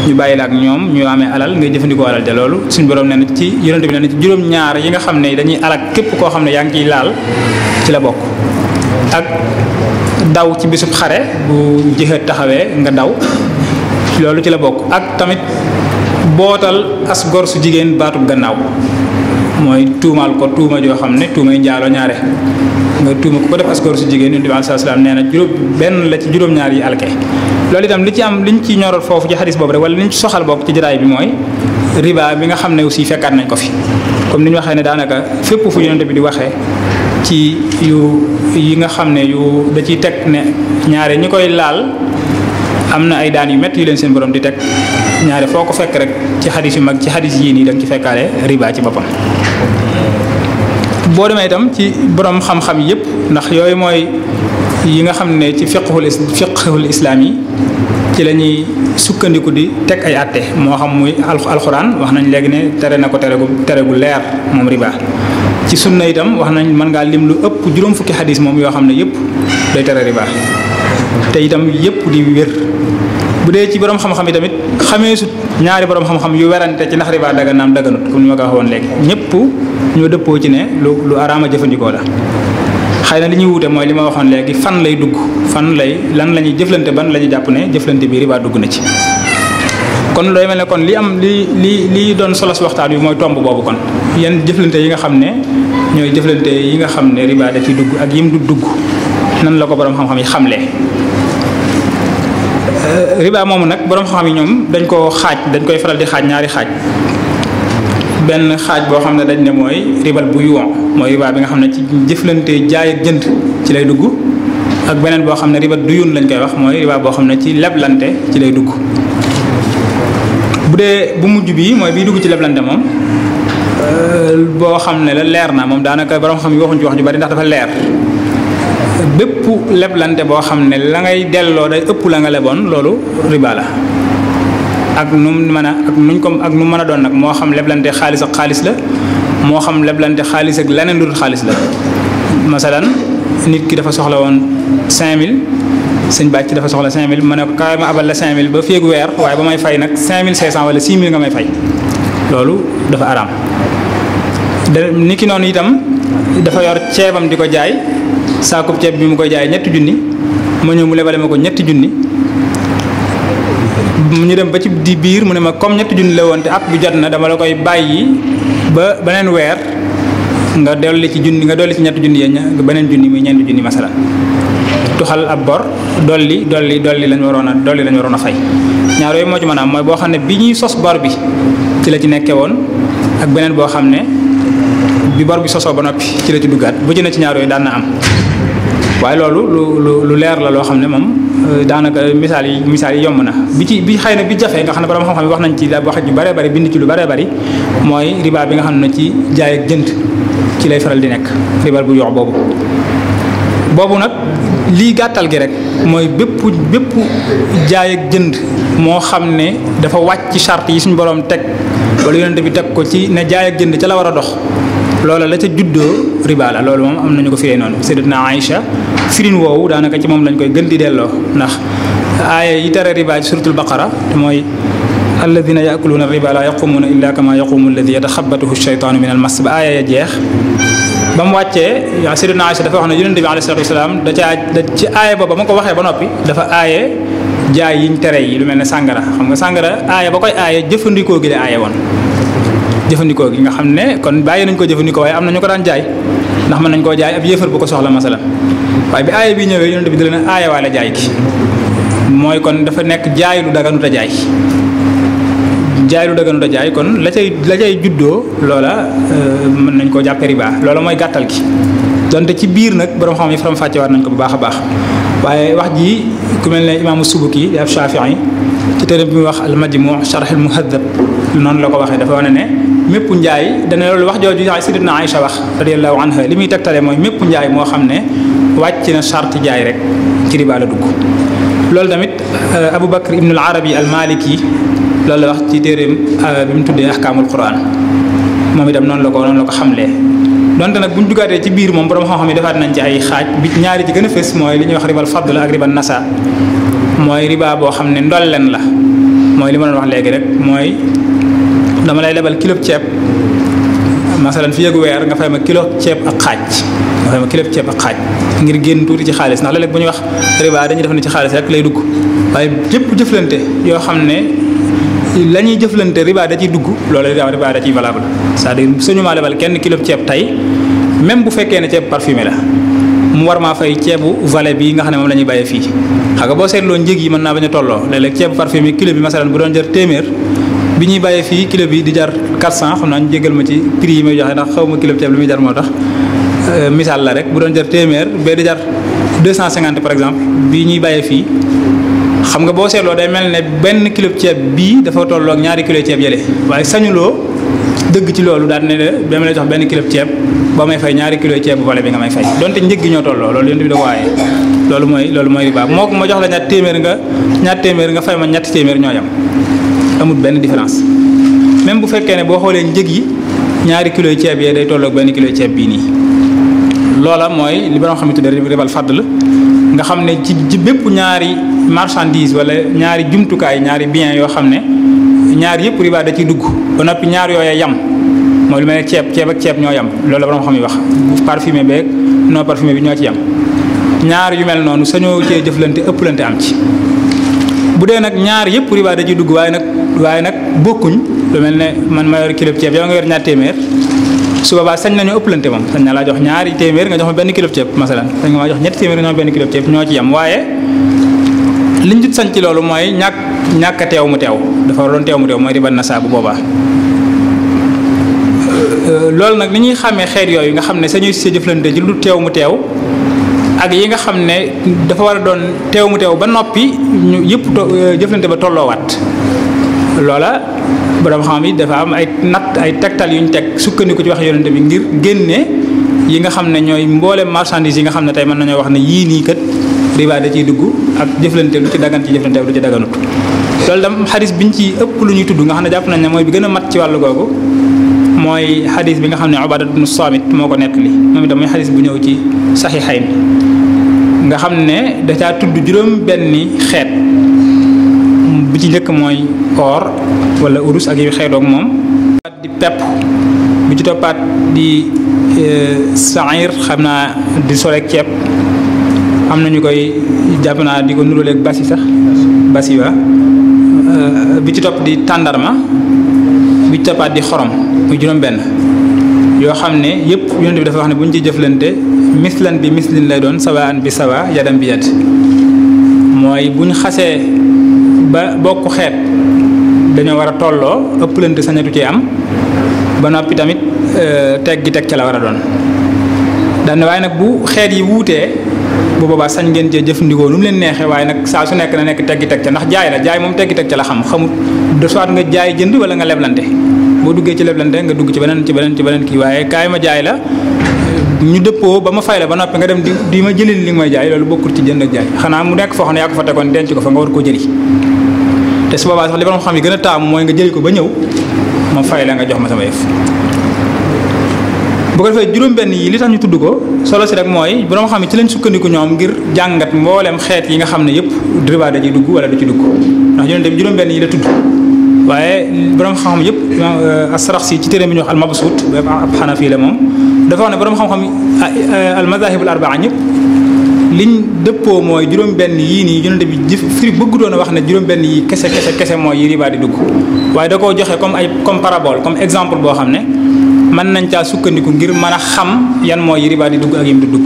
[SPEAKER 2] ñu bàyyi la ak ñoom ñu amee alal ngay jëfandikoo alal ja loolu suñu borom nee na ci yonent bi nee na ci juróom-ñaar yi nga xam ne dañuy alak képp koo xam ne yaa ciy laal ci la bokk ak daw ci bisub xare bu jëxët taxawee nga daw loolu ci la bokk ak tamit bootal as su jigéen baatub gannaaw mooy tuumaal ko tuuma joo xam ne tuumay njaalo ñaare jigéen bi nee na juróom la ci juróom-ñaar yi alke loolu itam li ci am li ñu ci ñoroon foofu ci xadis boobu rek wala liñ ci soxal bokk ci jataay bi mooy riba bi nga xam ne aussi fekkaat nañ ko fi comme ni ñu waxee ne daanaka fépp fu yonent bi di waxee ci yu yi nga xam ne yu da ciy teg ne ñaare ñi koy laal am na ay daan yu métti yi leen seen boroom di teg ñaare foo ko fekk rek ci xadis yu mag ci xadis yii nii dañ nga ci fekkaale riba ci boppam. boo demee itam ci boroom xam-xam yëpp ndax yooyu mooy yi nga xam ne ci fiqhul fiqhul islaam yi ci la ñuy sukkandiku di teg ay àtte moo xam muy alxuraan wax nañ léegi ne tere na ko tere gu tere gu leer moom riba ci sunna itam wax nañ mën ngaa lim lu ëpp juróom fukki xadis moom yoo xam ne yëpp day tere riba te itam yëpp di wér bu dee ci borom xam-xam yi tamit xamee sut ñaari borom xam-xam yu werante ci ndax riba daga naam daganut comme ni ma ko waxoon léegi ñëpp ñoo dëppoo ci ne lu lu araama jëfandikoo la xëy na li ñuy wuute mooy li ma waxoon léegi fan lay dugg fan lay lan la ñuy jëflante ban la ñuy jàpp ne jëflante bi riba dugg na ci. kon looy mel ne kon li am li li li doon solos waxtaan wi mooy tomb boobu kon yan jëflante yi nga xam ne ñooy jëflante yi nga xam ne riba da ciy dugg ak yim du dugg nan la ko borom xam-xam yi xamlee. Euh, riba moomu nag boroom xam-xam yi ñoom dañ koo xaaj dañ koy faral di xaaj ñaari xaaj. benn xaaj boo xam ne dañ ne mooy ribal bu yuwoon mooy riba bi nga xam ne ci jëflante jaay ak jënd ci lay dugg ak beneen boo xam ne riba duyun lañ koy wax mooy riba boo xam ne ci leblante ci lay dugg bu dee bu mooy biy dugg ci leblante moom euh, boo xam ne la leer na moom daanaka borom xam yi waxuñ ci wax ju bari ndax dafa leer bépp leblante boo xam ne la ngay delloo day ëpp la nga leboon loolu riba la ak nu mu a ak nuñ ko ak nu mën a doon nag moo xam leblante xaalis ak xaalis la moo xam leblante xaalis ak leneen lu dul xaalis la masalan nit ki dafa soxla woon 5000 sëñ bàcc dafa soxla 5000 ma ne ko kaay ma abal la 5000 ba feegu weer waaye ba may fay nag 5500 wala 6000 nga may fay loolu dafa araam da ni ki noonu itam dafa yor ceebam di ko jaay saakub ceeb bi mu koy jaay ñetti junni ma ñëw mu lebale ma ko ñetti junni mu ñu dem ba ci di biir mu ne ma comme ñetti junni la woon te at bi jot na dama la koy bàyyi ba beneen weer nga dolli ci junni nga dolli ci ñetti junni ya beneen junni muy ñeenti junni masala tuxal ab bor dolli dolli dolli lañ waroon a dolli lañ waroon a fay ñaar yooyu moo ci mën a am mooy boo xam ne bi ñuy sos bor bi ci la ci nekkee woon ak beneen boo xam ne bi bor bi sosoo ba noppi ci la ci duggaat bu ci ne ci ñaar yooyu daan na am waaye loolu leer la loo xam ne moom Euh, daanaka misaal yi misaal yi yomb na bi ci bi xëy na bi jafe nga xam ne borom xam-xam yi wax nañ ci la wax ju bëree bëri bind ci lu bëree bëri mooy riba bi nga xam ne ci jaay ak jënd ci lay faral di nekk riba bu yox boobu boobu nag lii gàttal gi mooy bépp bépp jënd moo xam ne dafa wàcc charte yi suñu borom teg wala yonent bi teg ko ci ne jaay ak jënd ca la war a dox loola la ca juddoo riba la loolu moom am nañu ko firee noonu sayyidatuna Aïcha firin woowu daanaka ci moom lañ koy gën di delloo ndax aaya yi tere riba ci suratul baqara mooy alladina yaakuluuna riba la yaqumuuna illa kama yaqumu alladi yataxabatuhu shaytaanu min al mas ba aaya ya jeex ba mu wàccee sayyidatuna Aïcha dafa wax ne yonente bi alayhi salaatu wasalaam da caa da ci aaya ba ba ma ko waxee ba noppi dafa aaye jaay yiñ tere yi lu mel ne sàngara xam nga sàngara aaya ba koy aaya jëfandikoo gi la aaye woon jëfandikoo gi nga xam ne kon bàyyi nañ ko jëfandikoo waaye am na ñu ko daan jaay ndax mën nañ koo jaay ab yéefar bu ko soxla masalan waaye bi aaya bi ñëwee yonent bi da leen aaya waale jaay gi mooy kon dafa nekk jaay lu daganut a jaay jaay lu kon la cay la cay juddoo loola euh, mën nañ koo jàppe riba loola mooy gàttal gi donte ci biir nag boroom xam yi faram fàcce war nañ ko bu baax a baax waaye wax ji ku mel ne imaamu subuki di ab Shaafi'i ci téere bi mu wax al majmu sharh al muhaddab noonu la ko waxee dafa wane ne mépp njaay dana loolu wax jooju yaay Sayyidina Aïcha wax radiyallahu anha li muy tegtale mooy mépp njaay moo xam ne wàcc na charte jaay rek ci riba la dugg loolu tamit euh, Abu Bakr ibnul Arabi al Maliki loolu la wax ci téeréem lu euh, mu tuddee ahkaamul Qur'an moom itam noonu la ko noonu la ko xamlee donte nag bu ñu dugaatee ci biir moom borom xam-xam defaat nañ ci ay xaaj bi ñaari ci gën a fës mooy li ñuy wax ribal fadl ak ribal nasa mooy riba boo xam ne ndolleen la mooy li ma doon léegi rek mooy dama lay lebal kilo ceeb masalan fi yëgu weer nga fay ma kilo ceeb ak xaaj nga fay ma kilo ceeb ak xaaj ngir génn tuuti ci xaalis ndax léeg bu ñuy wax riba dañuy def ne ci xaalis rek lay dugg waaye jëpp jëflante yoo xam ne la ñuy jëflante riba da ciy dugg loolu riba da ciy valable c'est-à-dire suñu maa lebal kenn kilo ceeb tey même bu fekkee ne ceeb parfumé la mu war maa fay ceebu valet bi nga xam ne moom la ñuy bàyyee fii xam nga boo seetloo njëg yi mën a tolloo léeg kilo bi masalan bu doon jër téeméer bi ñuy bàyyee fii kilo bi di jar 400 xam naa ñu jégal ma ci prix yi may joxe ndax xaw ma kilo bi ceeb li muy jar moo tax euh, misaal la rek bu doon jar téeméer bee di jar 250 par exemple bi ñuy bàyyee fii xam nga boo seetloo day mel ne benn kilo ceeb bii dafa tolloog ñaari kilo ceeb yële waaye sañuloo dëgg ci loolu daal ne dama lay jox benn kilo ceeb ba may fay ñaari kilo ceeb bu vale bi nga may fay donte njëg ñoo tolloo loolu yonent bi da waaye loolu mooy loolu mooy riba moo ko ma jox la ñaat téeméer nga ñaat téeméer nga fay ma ñetti téeméer ñoo yam amul benn différence même bu fekkee ne boo xoolee njëg yi ñaari kilo ceeb yee day tolloog benn kilo ceeb bii nii loola mooy li ba nga xamante ne ribal fàdd la nga xam ne ci ci bépp ñaari marchandise wala ñaari jumtukaay ñaari bien yoo xam ne ñaari yëpp riba da ciy dugg ba noppi ñaari yooya yam mooy lu mel ne ceeb ceeb ak ceeb ñoo yam loolu la borom xam yi wax parfumé beeg non parfumé bi ñoo ci yam ñaari yu mel noonu sañoo cee jëflante ëpplante am ci waaye nag bokkuñ lu mel ne man ma yor kilo ceeb yow nga yor ñaar téeméer su boobaa sañ nañu ëppalante moom sañ na laa jox ñaari téeméer nga jox ma benn kilo ceeb masalan sañ nga ma jox ñetti téeméer nga jox ma benn kilo ceeb ñoo ci yam waaye liñ jut sañ ci loolu mooy ñàkk ñàkk teew mu teew dafa waroon mu teew mooy riban na saa bu euh, nag li ñuy xàmmee xeet yooyu nga xam ne sañuy si jëflante ci lu teew mu teew ak yi nga xam ne dafa war a doon teew mu teew ba noppi ñu yëpp jëflante ba tolloowaat loola borom xam yi dafa am ay natt ay tegtal yu teg sukkandiku ci wax yonente bi ngir génne yi nga xam ne ñooy mboolem marchandise yi nga xam ne tey mën nañoo wax ne yii nii kat riba da ciy dugg ak jëflante lu ci dagan ci jëflante lu ci daganut ci ëpp lu ñuy tudd nga xam ne jàpp nañ ne mooy bi gën a mat ci wàllu googu mooy xadis bi nga xam ne Ubaada ibnu Saamit moo ko nekk moom itam mooy xadis bu ñëw ci saxiixayn nga xam ne da caa tudd juróom ci njëkk mooy or wala urus ak yu xeetoog moom di pepp bi ci toppaat di euh, sair xam naa di soleeg ceeb am nañu koy jàpp naa di ko nuróoleeg basi sax basi wa euh, bi ci topp di tàndarma bi ci toppaat di xorom muy juróom-benn yoo xam ne yëpp yonent bi dafa wax ne bu ñu ci jëflante mislan bi mislin lay doon sawaan bi sawa yadam bi yad mooy bu xasee ba bokk xeet dañoo war a tolloo ëpplante sañatu ci am ba noppi tamit euh, teg gi teg ca la war a doon daan waaye nag bu xeet yi wuutee bu boobaa sañ ngeen cee jëfandikoo nu mu leen neexee waaye nag saa su nekk na nekk teggi teg ca ndax jaay la jaay moom teggi teg ca la xam xamut de soit nga jaay jënd wala nga leblante boo duggee ci leblante nga dugg ci beneen ci beneen ci beneen kii waaye kaay ma jaay la euh, ñu dëppoo ba ma fay la ba noppi nga dem di di ma jëlil li nga may jaay loolu bokkul ci jënd xanaa mu nekk foo xam ne yaa ko tegoon denc ko fa nga war koo jëli te su boobaa sax li borom xam yi gën a taamu mooy nga jëli ko ba ñëw ma fay la nga jox ma sama yëf bu ko defee juróom-benn yi li tax ñu tudd ko solo si rek mooy borom xam yi ci lañ sukkandiku ñoom ngir jàngat mboolem xeet yi nga xam ne yëpp riba da ciy dugg wala du ci dugg ndax yonent bi juróom-benn yi la tudd waaye borom xam-xam yëpp euh, asarax si ci téere bi ñu wax al mabsuut ab xanafi la moom dafa wax ne borom xam-xam euh, al mazahibul ñëpp liñ dëppoo mooy juróom-benn yii nii yonente bi jëf firi bëgg doon wax na juróom-benn yi kese kese kese mooy yi riba di dugg waaye da koo joxe comme ay comme parabole comme exemple boo xam ne man nañ caa sukkandiku ngir man a xam yan mooy yi riba di dugg ak yim di dugg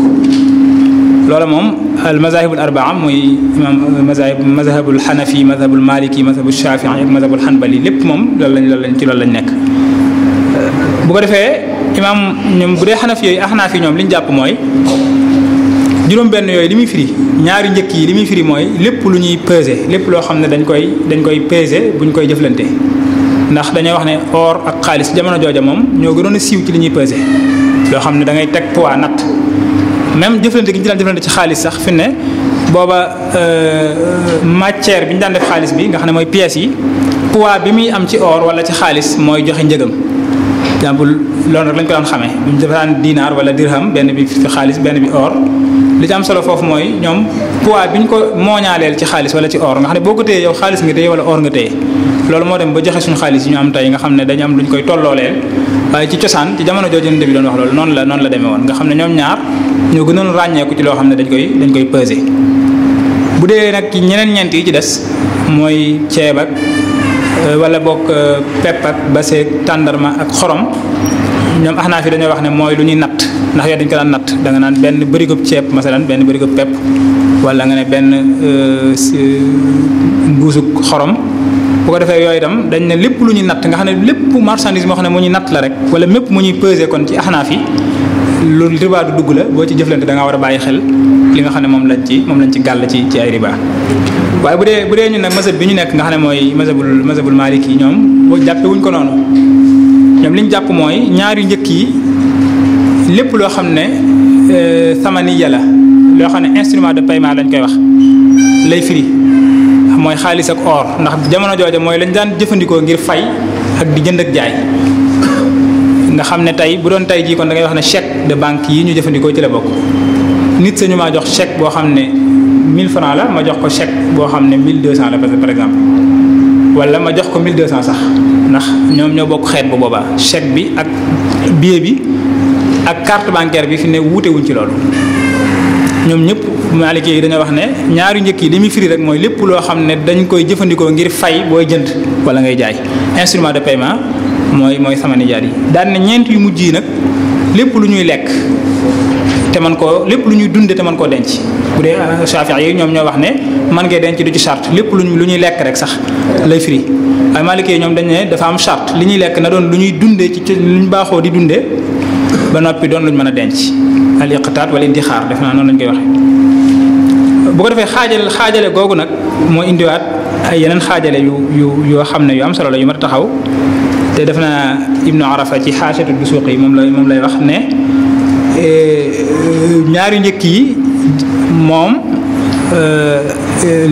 [SPEAKER 2] loola moom al mazahibul arbaa muy imam mazahib mazhabul xanafi mazhabul maliki mazhabul shafii ak mazhabul xanbali lépp moom loolu lañ loolu lañ ci loolu lañ nekk bu ko defee imam ñoom bu dee xanafi yooyu axnaaf yi ñoom li jàpp mooy juróom-benn yooyu li muy firi ñaari njëkk yi li muy firi mooy lépp lu ñuy peser lépp loo xam ne dañ koy dañ koy bu ñu koy jëflante ndax dañoo wax ne or ak xaalis jamono jooja moom ñoo gënoon a siiw ci li ñuy peser loo xam ne da ngay teg poids natt même jëflante gi ñu ci daan jëflante ci xaalis sax fi ne booba euh, matière bi ñu daan def xaalis bi nga xam ne mooy pièces yi poids bi muy am ci or wala ci xaalis mooy joxe njëgam. exemple loolu rek lañ ko daan xamee bu ñu daan dinaar wala dirham benn bi xaalis benn bi or li ci am solo foofu mooy ñoom poids bi ñu ko mooñaaleel ci xaalis wala ci or nga xam ne boo ko téyee yow xaalis nga téye wala or nga téye loolu moo dem ba joxe suñu xaalis yi ñu am tey nga xam ne dañu am lu ñu koy tollooleel waaye ci cosaan ci jamono jooju bi doon wax loolu noonu la noonu la demee woon nga xam ne ñoom ñaar ñoo gënoon ràññeeku ci loo xam ne dañ koy dañ koy peser bu dee nag ñeneen ñeent yi ci des mooy ceeb ak euh, wala bokk euh, pepp ak baseeg tàndarma ak xorom ñoom axnaa fi dañoo wax ne mooy lu ñuy natt ndax yooyu dañ ko daan natt da naan benn bërigub ceeb masalan benn bërigub pepp wala nga ne benn euh, mbuusu xorom bu ko defee yooyu itam dañ ne lépp lu ñuy natt nga xam ne lépp marchandise moo xam ne mu ñuy natt la rek wala mépp mu ñuy peser kon ci axnaaf yi lu riba du dugg la boo ci jëflante danga war a bàyyi xel li nga xam ne moom lañ ci moom lañ ci gàll ci ci ay riba waaye bu dee bu dee ñun nag mazhab bi ñu nekk nga xam ne mooy mazhabul mazhabul maliki yi ñoom boo jàppee wuñ ko noonu ñoom li ñu jàpp mooy ñaari njëkk yi lépp loo xam ne sama euh, samaniya la loo xam ne instrument de paiement lañu koy wax lay firi mooy xaalis ak or ndax jamono jooja mooy lañ daan jëfandikoo ngir fay ak di jënd ak jaay nga xam ne tey bu doon tay jii kon da ngay wax ne chèque de banque yi ñu jëfandikoo ci la bokk nit sañu maa jox chèque boo xam ne 1000 francs la ma jox ko chèque boo xam ne 1200 la par exemple wala ma jox ko 1200 sax ndax ñoom ñoo bokk xeet bu boobaa chèque bi ak billet bi ak carte bancaire bi fi ne wuute ci loolu ñoom ñëpp maaliki yi dañoo wax ne ñaari njëkk yi li muy firi rek mooy lépp loo xam ne dañ koy jëfandikoo ngir fay booy jënd wala ngay jaay instrument de paiement mooy mooy sama nijaat yi daan na ñeent yu mujj yi nag lépp lu ñuy lekk te man koo lépp lu ñuy dunde te man koo denc bu dee euh, Shafi'i yi ñoom ñoo wax ne man ngay denc du ci charte lépp lu lu ñuy lekk rek sax lay firi waaye Maliki ñoom dañ ne dafa am charte li ñuy lekk na doon lu ñuy dunde ci lu ñu baaxoo di dunde ba noppi doon lu ñu mën a denc al iqtaat wala xaar def naa noonu lañ koy waxee bu ko defee xaajal xaajale googu nag moo indiwaat ay yeneen xaajale yu yu yoo xam ne yu am solo la yu mën taxaw te def naa Ibnu Arafa ci xaasatu dusuuq moom la moom lay wax ne Euh, euh, ñaari njëkk yi moom euh,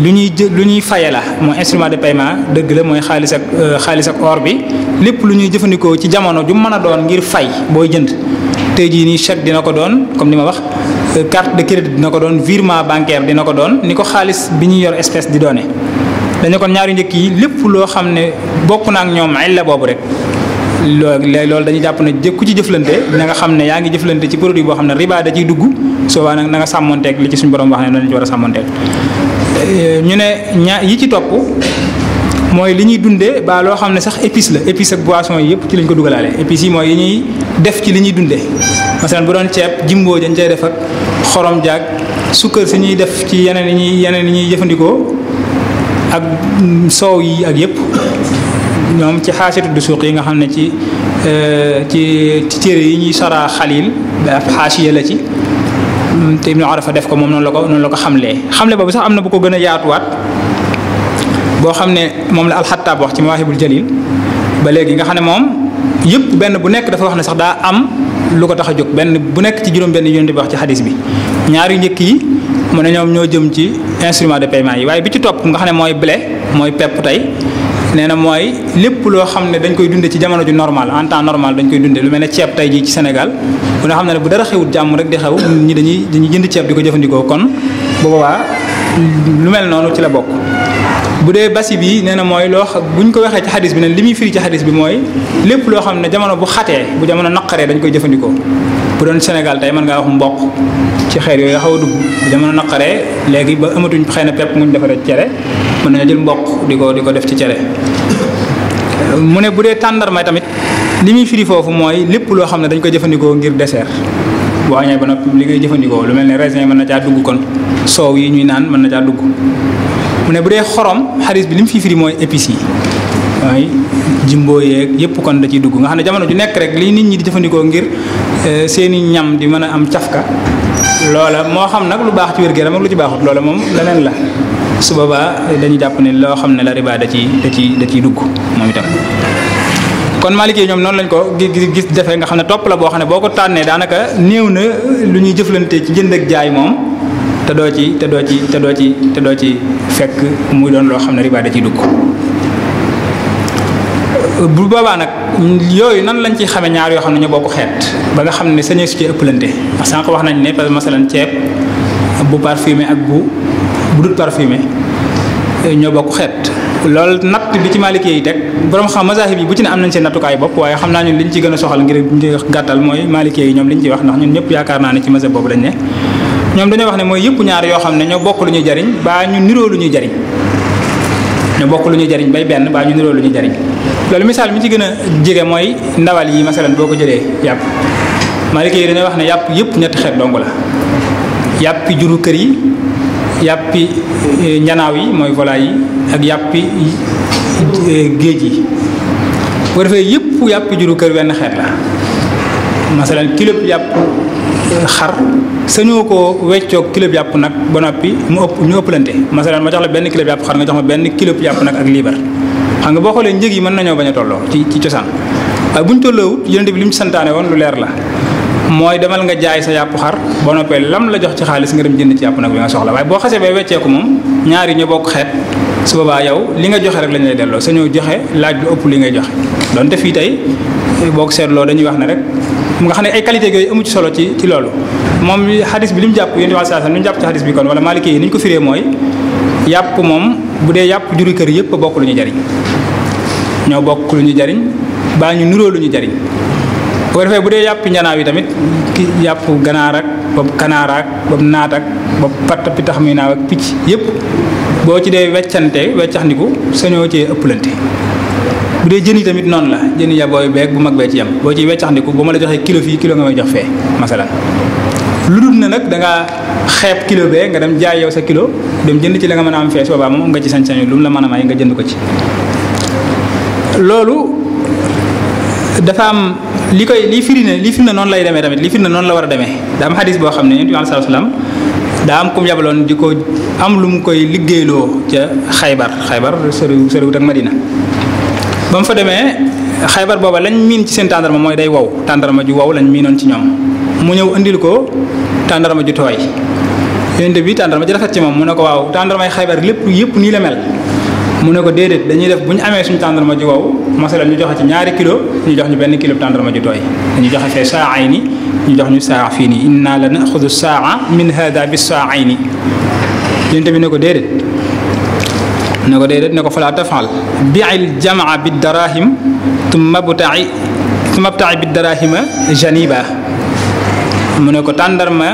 [SPEAKER 2] lu ñuy jë lu ñuy faye la mooy instrument de paiement dëgg la mooy xaalis ak xaalis or bi lépp lu ñuy jëfandikoo ci jamono ju mën a doon ngir fay booy jënd tey jii nii chèque dina ko doon comme ni ma wax carte de crédit dina ko doon virement bancaire dina ko doon ni ko xaalis bi ñuy yor espèce di doone dañu kon ñaari njëkk yi lépp loo xam ne bokk na ak ñoom ay la boobu rek léegi loolu dañu jàpp ne ku ci jëflante na xam ne yaa ngi jëflante ci produit boo xam ne riba da ciy dugg souvent nag na nga sàmmonteeg li ci suñu borom wax ne noonu ci war a sàmmonteeg ñu ne ña yi ci topp mooy li ñuy dundee ba loo xam ne sax épice la épice ak boisson yi yëpp ci lañ ko dugalaale épice yi mooy yi ñuy def ci li ñuy dundee masalan bu doon ceeb jimbo dañ cay def ak xorom jaag sukkër si ñuy def ci yeneen yi ñuy yeneen yi ñuy jëfandikoo ak soow yi ak yëpp ñoom ci xaasatu du suuq yi nga xam ne ci euh, ci ci yi ñuy saraa xalil ab xaasiya la ci mm, te Ibnu Arafa def ko moom noonu la ko noonu la ko xamlee xamle boobu sax am na bu ko gën a yaatuwaat boo xam ne moom la alxattaab ci mawaahibul jalil ba léegi nga xam ne moom yëpp benn bu nekk dafa wax ne sax daa am lu ko tax a jóg benn bu nekk ci juróom-benn yonent bi wax ci xadis bi ñaar njëkk yi mu ne ñoom ñoo jëm ci instrument de paiement yi waaye bi ci topp nga xam ne mooy blé mooy pepp tey nee na mooy lépp loo xam ne dañ koy dunde ci jamono ju normal en temps normal dañ koy dunde lu mel ne ceeb tey jii ci Sénégal bu nga xam ne bu dara xewut jàmm rek di xew ñi dañuy dañuy jënd ceeb di ko jëfandikoo kon bu boobaa lu mel noonu ci la bokk. bu dee basi bi nee na mooy loo xam bu ñu ko waxee ci xadis bi ne li muy firi ci xadis bi mooy lépp loo xam ne jamono bu xatee bu jamono naqaree dañ koy jëfandikoo bu doon Sénégal tey mën ngaa wax mboq ci xeer yooyu xaw a dugg jamono naqaree léegi ba amatuñ xëy na pepp muñ defaree cere mën nañu jël mboq di ko di ko def ci cere mu ne bu dee tàndarma tamit li muy firi foofu mooy lépp loo xam ne dañ koy jëfandikoo ngir dessert boo añee ba nopp li ngay jëfandikoo lu mel ne raisin mën na caa dugg kon soow yi ñuy naan mën na caa dugg mu ne bu dee xorom xaris bi li mu firi mooy épices yi jimbo yee yëpp kon da ciy dugg nga xam ne jamono ju nekk rek lii nit ñi di jëfandikoo ngir eh, seeni ñam di mën a am cafka loola moo xam nag lu baax ci wér-gu-yaram ak lu ci baaxut loola moom leneen la su boobaa dañu jàpp ne loo xam ne la riba da ci da ci da ciy dugg moom itam kon maalikee ñoom noonu lañ ko gi gis defee nga xam ne topp la boo xam ne boo ko tànnee daanaka néew na lu ñuy jëflante ci jënd ak jaay moom te doo ci te doo ci te doo ci te doo ci fekk muy doon loo xam ne riba da ciy dugg Euh, bu boobaa nag yooyu nan lañ ciy xamee ñaar yoo xam ne ñu bokk xeet ba nga xam ne sañee su ci ëppalante parce que wax nañ ne parce que masalan ceeb bu parfumé ak bu bu dut parfumé euh, ñoo bokk xeet loolu natt bi ci Maliki yi teg borom xam mazahib yi bu ci ne bopp waaye xam naa ñun liñ ci gën a soxal ngir ngir gàttal mooy Maliki yi ñoom liñ ci wax ndax ñun ñëpp yaakaar naa ne ci mazhab wax ne mooy yëpp ñaar yoo xam ne ñoo bokk lu ñuy jariñ baa ñu niroo lu ñuy jariñ ñoo bokk lu ñuy jariñ bay benn baa ñu niroo lu ñuy jariñ loolu misaal mi ci gën a jege mooy ndawal yi masalan boo ko jëlee yàpp malika yi dañuy wax ne yàpp yëpp ñetti xeet dong la yàppi juru kër yi yàppi e, njanaaw yi mooy volaille yi ak yàppi e, géej yi bu defee yëpp yàppi juru kër wenn xeet la masalan kilob yàpp e, xar sañoo koo weccoog kilob yàpp nag ba noppi mu ëpp ñu ëpplante masalan ma jox la benn kilob yàpp xar nga jox ma benn kilob yàpp nag ak liibar xam nga boo xoolee njëg yi mën nañoo bañ a tolloo ci ci cosaan waaye bu ñu tolloowut yonent bi li mu santaane woon lu leer la mooy demal nga jaay sa yàpp xar boo noppee lam la jox ci xaalis nga dem jënd ci yàpp nag bi nga soxla waaye boo xasee bay wecceeku moom ñaar yi ñu bokk xeet su boobaa yow li nga joxe rek lañ lay delloo sañoo joxe laaj lu ëpp li ngay joxe donte fii tey boo ko seetloo dañuy wax ne rek mu nga xam ne ay qualité yooyu amu ci solo ci ci loolu moom xadis bi li mu jàpp yéen waa saasan li jàpp ci xadis bi kon wala maliki yi ko firee mooy yàpp moom bu dee yàpp juri yëpp bokk lu ñu jariñ ñoo bokk lu ñu jariñ baa ñu nuróo lu ñu jariñ bu defee bu dee yàpp njanaaw yi tamit ki yàpp ganaar ak boobu kanaar ak boobu naat ak boobu patt pitax muy naaw ak picc yépp boo ci dee weccante weccaxndiku sañoo cee ëpplante bu dee jën yi tamit noonu la jën ya booy beeg bu mag bee ci yam boo ci weccaxndiku bu ma la joxee kilo fii kilo nga may jox fee masalan lu dul na nag da ngaa xeeb kilo bee nga dem jaay yow sa kilo dem jënd ci la nga mën a am fee nga ci sañ-sañu lu la mën a may nga jënd ko ci loolu dafa am li koy li firi ne li firi na noonu lay demee tamit li firi na noonu la war a demee daa am boo xam ne yonent bi alayhi salaam daa am kum yabaloon di ko am lu mu koy liggéeyloo ca xaybar xaybar soriw soriwut ak Madina ba mu fa demee xaybar booba lañ miin ci seen tàndarma mooy day wow tàndarma ju wow lañ miinoon ci ñoom mu ñëw indil ko tàndarma ju tooy yonent bi tàndarma ji rafet ci moom mu ne ko waaw tàndarmay xaybar lépp yëpp nii la mel mu ne ko déedéet dañuy def bu ñu amee suñu tàndarma ji wow masalan ñu joxe ci ñaari kilo ñu jox ñu benn kilo tàndarma ji tooy dañu joxe fee saa'ay ni ñu jox ñu saa fii nii inna la naxudu saa min hada bi saa'ay ni yonent bi ne ko déedéet ne ko déedéet ne ko falaa tafal bi'il jamaa bi darahim tumma bta'i tumma bta'i bi darahima janiba mu ne ko tàndarma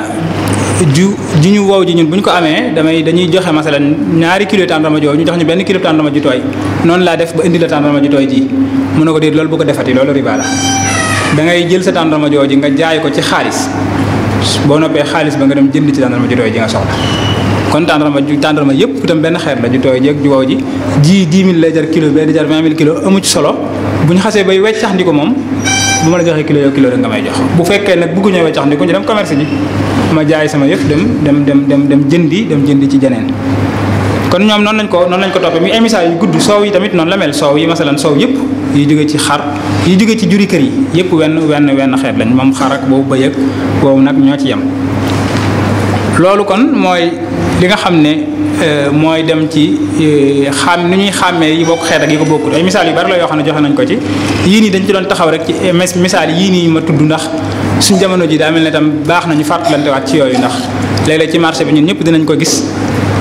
[SPEAKER 2] ju ju ñu wow ji ñun bu ñu ko amee damay dañuy joxe masalan ñaari kilo tàndarma jooju ñu jox ñu benn kilo ji mun na ko déet loolu bu ko defati loolu riba la da ngay jël nga ci xaalis boo noppee xaalis ba nga dem jënd ci tàndarma ju tooy ji nga soxla kon tàndarma ju tàndarma yëpp itam benn xeet la ju tooy ji ak ju wow ji ji 10 000 lay jar kilo bee di jar 20 000 kilo amu solo bu ñu xasee bay weccax ndi ko moom bu ma la joxee kilo yow kilo rek nga may jox bu fekkee nag bëgguñoo weccax ndi ko ñu dem commerce ji ma jaay sama yëf dem dem dem dem dem jëndi dem jëndi ci jeneen kon ñoom noonu lañ ko noonu lañ ko toppee mi émissaires yu gudd soow yi tamit noonu la mel soow yi masalan soow yëpp yu jóge ci xar yu jóge ci juri kër yi yëpp wenn wenn wenn xeet lañ moom xar ak boobu bëy ak boobu nag ñoo ci yem loolu kon mooy li nga xam ne euh, mooy dem ci euh, xam ni ñuy xàmmee yi bokk xeet ak yi ko bokkut ay misaal yu bari la yoo xam ne joxe nañ ko ci yii nii dañ ci doon taxaw rek suñ jamono ji daa mel ne tam baax na ñu waat ci yooyu ndax léeg ci marché bi ñu ñëpp dinañ ko gis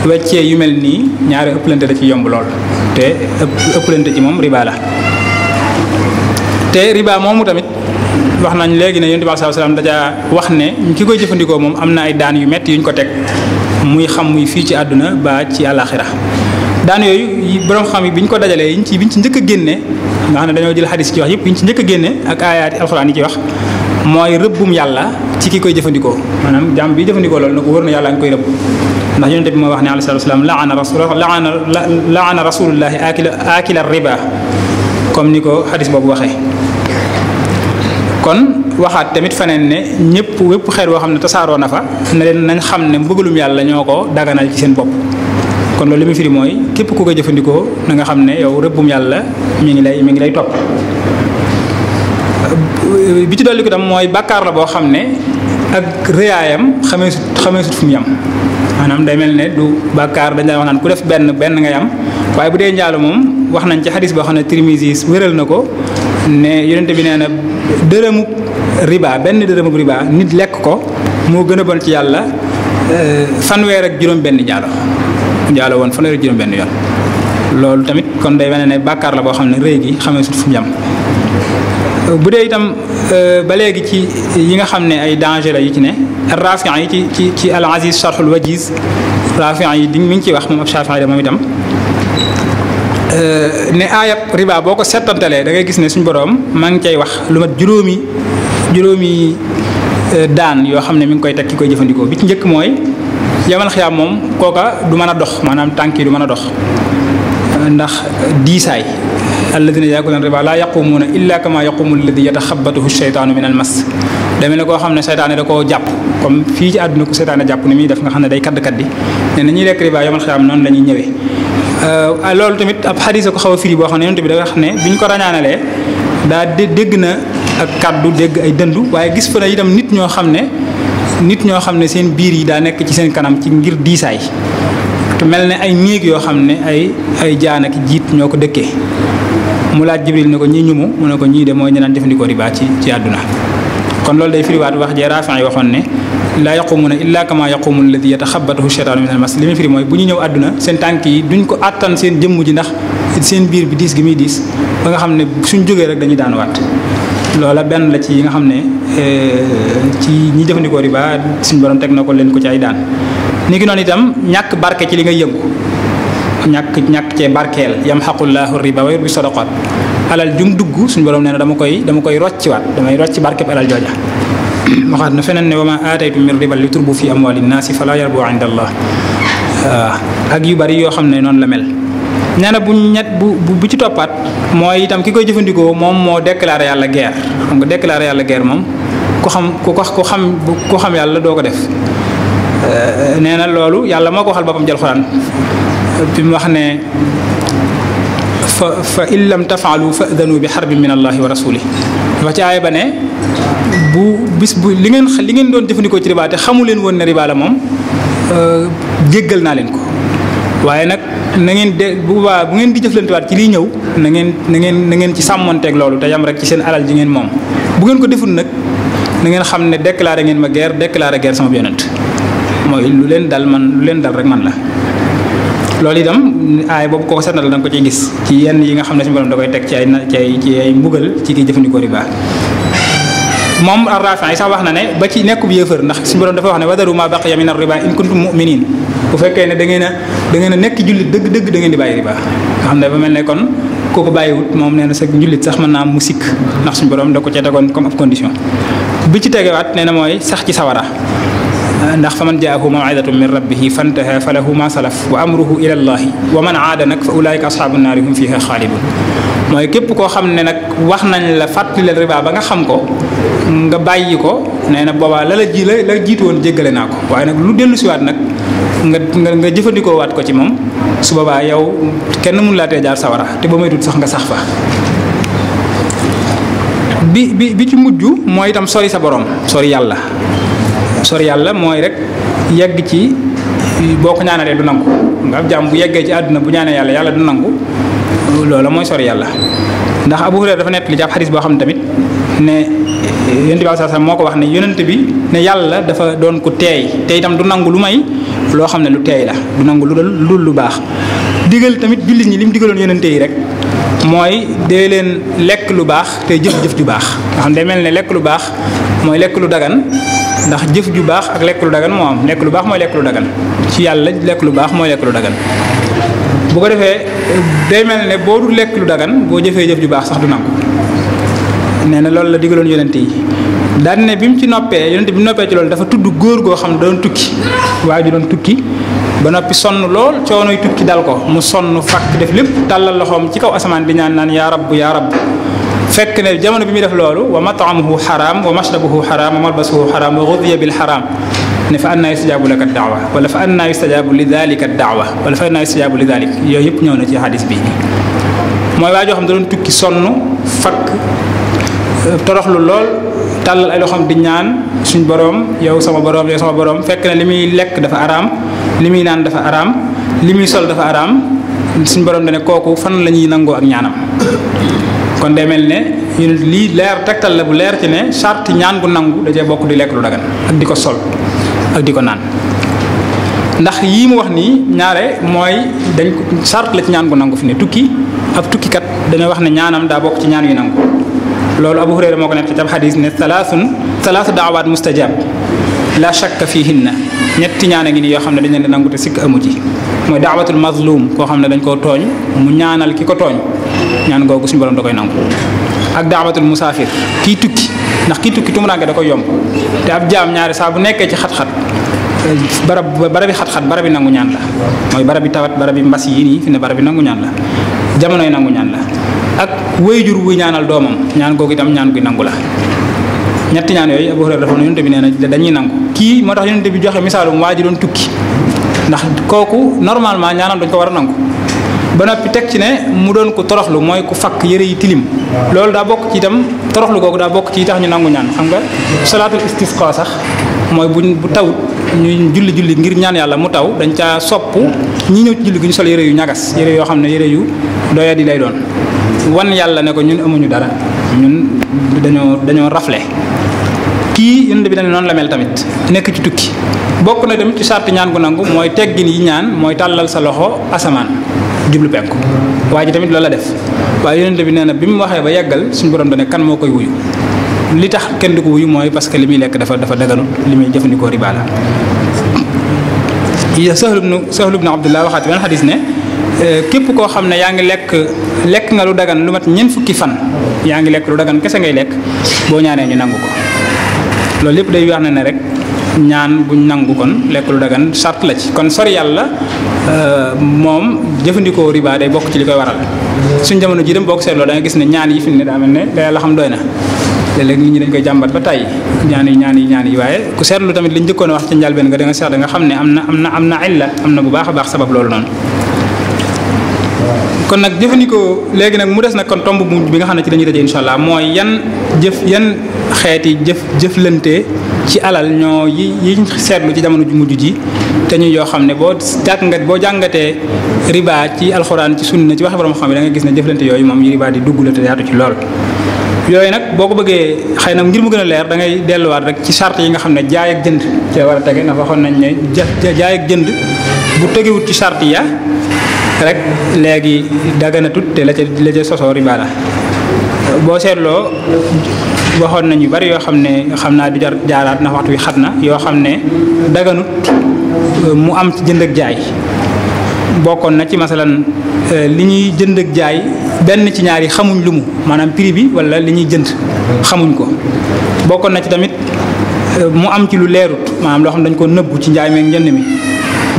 [SPEAKER 2] weccee yu mel nii ñaari ëpplante da ci yomb lool te ëpplante ci moom riba la te riba moomu tamit wax nañ léegi ne yonent bi sallallahu alayhi dajaa wax ne ki koy jëfandikoo moom am na ay daan yu metti yuñ ko teg muy xam muy fii ci àdduna ba ci àllaaxira daan yooyu borom xam yi bi ñu ko dajalee yiñ ci biñ ci njëkk a génne nga xam dañoo jël xadis ci wax yëpp ci njëkk a génne ak aayaati alxuraan wax mooy rëbbum yàlla ci ki koy jëfandikoo maanaam jaam bi jëfandikoo loolu na ko wër na yàlla nga koy rëbb ndax yonent bi mooy wax ne alayhi salaatu wasalaam laana rasul laana laana rasulullahi aakila aakila riba comme ni ko xadis boobu waxee kon waxaat tamit feneen ne ñëpp wépp xeet woo xam ne tasaaroo na fa ne leen nañ xam ne mbëggalum yàlla ñoo ko daganal ci seen bopp kon loolu li muy firi mooy képp ku koy jëfandikoo na nga xam ne yow rëbbum yàlla mi ngi lay mi ngi lay topp bi ci dolli ko tam mooy bàkkaar la boo xam ne ak rëyaayam xamee sut xamee sut fu mu yam maanaam day mel ne du bàkkaar dañ daan wax naan ku def benn benn nga yam waaye bu dee njaalu moom wax nañ ci xadis boo xam ne Tirmizi wéral na ko ne yonente bi nee na dërëmub riba benn dërëmub riba nit lekk ko moo gën a bon ci yàlla eh, fanweer ak juróom benn njaalo njaalo woon fanweer ak juróom benn yoon loolu tamit kon day mel ne bàkkaar la boo xam ne rëy gi xamee sut fu bu dee itam euh, ba léegi ci yi nga xam ne ay danger la yu ci ne rafian yi ci ci ci al aziz charxul wajiz rafian yi di mi ngi ciy wax moom ab shafii da moom itam euh, ne aayab riba boo ko setantalee da ngay gis ne suñ boroom maa ngi cay wax lu mat juróomi juróomi euh, daan yoo xam ne mi ngi koy teg ki koy jëfandikoo bi ci njëkk mooy yamal am moom kooka du mën a dox maanaam tànk yi du mën a dox ndax diisaay alladina yaakuloon riba laa yaqumuuna illa kama yaqumu alladi yataxabatuhu cheytaanu min al mas deme ne koo xam ne seytaane da koo jàpp comme fii ci àdduna ko seytaane jàpp ni muy def nga xam ne day kadd kaddi ne na ñuy lekk riba yomal xiyaam euh, loolu tamit ab ko xaw a boo xam ne yonent bi da ne bi ñu ko rañaanalee daa dégg na ak kàddu dégg ay dëndu waaye gis fa na itam nit ñoo xam ne nit ñoo xam ne seen biir yi daa nekk ci seen kanam ci ngir diisaay mel ne ay néeg yoo xam ne ay ay jaan jiit ñoo ko dëkkee mu laaj jibril ne ko ñii ñumu mu ne ko ñii de mooy ñu naan jëfandikoo riba ci ci àdduna kon loolu day firiwaat wax jee rafin yi waxoon ne laa yaqumuna illa kama yaqumu alladi yataxabatahu cheytaanu min almas li muy firi mooy bu ñu ñëw àdduna seen tànk yi duñ ko àttan seen jëmm ji ndax seen biir bi diis gi muy diis ba nga xam ne suñ jógee rek dañuy daan waat loola benn la ci yi nga xam ne eh, ci ñi jëfandikoo riba suñ borom teg na ko leen ko ci ay daan ni ki noonu itam ñàkk barke ci li ngay yëngu ñàkk ñàkk cee barkeel yam xaqullahu riba wa yurbi sadaqat alal jum dugg suñu borom nee na dama koy dama koy rocciwaat damay rocci barkeb alal jooja waxaat na feneen ne wa ma aataytum min riba li turbu fi amwali naasi fala yarbu inda allah ak yu bari yoo xam ne noonu la mel nee na bu ñett bu bu ci toppaat mooy itam ki koy jëfandikoo moom moo déclaré yàlla guerre xam nga moom ku xam ku ko ku xam ku xam yàlla doo ko def Euh, nee na loolu yàlla moo ko xal boppam jël xuraan bi mu wax ne fa fa lam tafaalu fa adanu bi xarbin min allahi wa rasulih dafa ci aaya ba ne bu bis bu li ngeen li ngeen doon jëfandikoo ci riba te xamu leen woon ne riba la moom euh, jéggal naa leen ko waaye nag na ngeen de bu waa bu ngeen di jëflantewaat ci liy ñëw na ngeen na ngeen na ngeen ci sàmmonteeg loolu te yam rek ci seen alal ji ngeen moom bu ngeen ko deful nag na ngeen xam ne déclaré ngeen ma guerre déclaré guerre sama mooy lu leen dal man lu leen dal rek man la loolu tam aay boobu koo seetna la da nga ko ciy gis ci yenn yi nga xam ne suñu borom da koy teg ci ay ci ay ci ay mbugal ci kiy jëfandikoo riba moom arrafin yi sax wax na ne ba ci nekk bu yëfër ndax suñu borom dafa wax ne wadaru ma baqiya min ar-riba in kuntum mu'minin bu fekkee ne ngeen a da ngeen nekk jullit dëgg dëgg da ngeen di bàyyi riba xam ne ba mel ne kon kooku bàyyiwut moom nee na sa jullit sax mën naa mu sikk ndax suñu borom da ko cee tegoon comme ab condition bi ci tegewaat nee na mooy sax ci sawara ndax fa man jaahu mawidatu min rabbihi fantaha fa lahu ma salaf wa amruhu ila llahi wa man aada nag fa ulaayika asxaabu naari hum fiha xaalidun mooy képp koo xam ne nag wax nañ la fàttali la riba ba nga xam ko nga bàyyi ko nee na boobaa la la ji la la jiitu woon jéggale naa ko waaye nag lu dellu siwaat nag nga nga nga jëfandikoo waat ko ci moom su boobaa yow kenn mun laa tee jaar sawara te ba may dut sax nga sax fa bi bi bi ci mujj mooy itam sori sa borom sori yàlla sori yàlla mooy rek yegg ci boo ko ñaanalee du nangu nga ab jaam bu yeggee ci àdduna bu ñaanee yàlla yàlla du nangu loola mooy sori yàlla ndax Abu Hurayra dafa nettali ci ab xadis boo xam tamit ne yonent bi sallallahu alayhi wasallam moo ko wax ne yonent bi ne yàlla dafa doon ku teey te itam du nangu lu may loo xam ne lu teey la du nangu lu dul lu baax digal tamit jullit ñi li mu digaloon yonent yi rek mooy dee leen lekk lu baax te jëf-jëf ju baax nga xam day mel ne lekk lu baax mooy lekk lu dagan ndax jëf ju baax ak lekk lu dagan moo am lekk lu baax mooy lekk lu dagan ci yàlla lekk lu baax mooy lekk lu dagan bu ko defee day mel ne boo du lekk lu dagan boo jëfee jëf ju baax sax du nangu nee na loolu la digaloon yonent yi daan ne bi mu ci noppee yonent bi mu noppee ci loolu dafa tudd góor goo xam ne doon tukki waa ju doon tukki ba noppi sonn lool coonoy tukki dal ko mu sonn fakk def lépp tàllal loxoom ci kaw asamaan bi ñaan naan yaa rabbu yaa rabbu fekk ne jamono bi muy def loolu wa mataamuhu xaraam wa mashrabuhu xaraam wa malbasuhu xaraam wa gudiya bil xaraam ne fa annaa yustajaabu laka daawa wala fa annaa yustajaabu li dalika daawa wala fa annaa yustajaabu li dalik yooyu yëpp ñëw na ci xadis bi mooy waa joo xam da doon tukki sonn fakk toroxlu lool tàllal ay loxoom di ñaan suñ boroom yow sama boroom yow sama boroom fekk ne li muy lekk dafa araam li muy naan dafa araam li muy sol dafa araam suñ boroom dane kooku fan la ñuy nangoo ak ñaanam kon day mel ne lii leer tegtal la bu leer ci ne charte ñaan gu nangu da bokk di lekk lu dagan ak di ko sol ak di ko naan ndax yii mu wax nii ñaare mooy dañ ko charte la ci nangu fi ne tukki ab tukkikat dañoo wax ne ñaanam daa bokk ci ñaan yu nangu loolu Abu Hurayra moo ko nekk ci ab xadis ne salaasun salaasu daawaat mustajab la shakka fihinna ñetti ñaan a ngi nii yoo xam ne dañ leen di nangu te sikk amu ci mooy daawatul mazlum koo xam ne dañ koo tooñ mu ñaanal ki ko tooñ ñaan googu suñu borom da koy nangu ak daawatul musaafir kii tukki ndax kii tukki tumuraanke da koy yomb te ab jaam ñaari saa bu nekkee ci xat-xat barab barabi xat-xat barabi nangu ñaan la mooy barabi tawat barabi mbas yi nii fi ne barabi nangu ñaan la jamonoy nangu ñaan la ak wéyjur wuy ñaanal doomam ñaan googu itam ñaan gi nangu la ñetti ñaan yooyu Abu Hurayra dafa ne bi nee na dañuy nangu kii moo tax yonent bi joxe misaalum waa ji doon tukki ndax kooku normalement ñaanam dañ ko war a nangu ba noppi teg ci ne mu doon ko toroxlu mooy ku fakk yére yi tilim loolu daa bokk ci itam toroxlu googu daa bokk ci tax ñu nangu ñaan xam nga salaatul istisqa sax mooy buñ bu taw ñu julli julli ngir ñaan yàlla mu taw dañ caa sopp ñi ñëw ci julli gi ñu sol yére yu ñagas yére yoo xam ne yére yu doya di lay doon wan yàlla ne ko ñun amuñu dara ñun dañoo dañoo rafle kii yonent bi dañ noonu la mel tamit nekk ci tukki bokk na tamit ci sart ñaan gu nangu mooy teggin yi ñaan mooy tàllal sa loxo asamaan jublu penku waa ji tamit loolu la def waaye yonent bi nee na bi mu waxee ba yàggal suñu borom dane kan moo koy wuyu li tax kenn du ko wuyu mooy parce que li muy lekk dafa dafa daganut li muy jëfandikoo riba la ya sahlu bnu sahlu bnu abdullah waxaat benn xadis ne euh, képp koo xam ne yaa ngi lekk lekk nga lu dagan lu mat ñeent fukki fan yaa ngi lekk lu dagan kese ngay lekk boo ñaanee ñu nangu ko loolu lépp day wax ne ne rek ñaan buñ nangu kon lekk lu dagan sart la ci kon sori yàlla euh, moom jëfandikoo riba day bokk ci li koy waral suñ jamono ji dem boo ko seetloo da nga gis ne ñaan yi fi ne daa mel ne da yàlla xam doy na léeg-léeg nit ñi dañ koy jàmbat ba tàyyi ñaan yi ñaan yi ñaan yi waaye ku seetlu tamit liñ njëkkoon wax ci njëlbeen nga da nga nga xam ne am na am na am na illa am na bu baax a baax sabab loolu noonu kon nag jëfandikoo léegi nag mu des nag kon tomb bu mujj bi nga xam ne ci dañuy daje incha allah mooy yan jëf yan xeeti jëf jëflante ci alal ñoo yi yiñ seetlu ci jamono ju mujj ji te ñu yoo xam ne boo jàngat boo jàngatee riba ci alxuraan ci sunna ci waxe borom xam ne da gis ne jëflante yooyu moom yi riba di dugg la te yaatu ci lool. yooyu nag boo ko bëggee xëy na ngir mu gën a leer da ngay delluwaat rek ci charte yi nga xam ne jaay ak jënd te war a tege na waxoon nañ ne jaay ak jënd bu tegewut ci charte ya rek léegi daganatut te la ca la ca sosoo riba boo seetloo waxoon nañu bari yoo xam ne xam naa du jar jaaraat na waxtu wi xat na yoo xam ne daganut euh, mu am ci jënd ak jaay bokkoon na ci masalan euh, li ñuy jënd ak jaay benn ci ñaar yi xamuñ lu mu maanaam prix bi wala li ñuy jënd xamuñ ko bokkoon na ci tamit euh, mu am ci lu leerut maanaam loo xam ne dañ ko nëbbu ci njaay meek njënd mi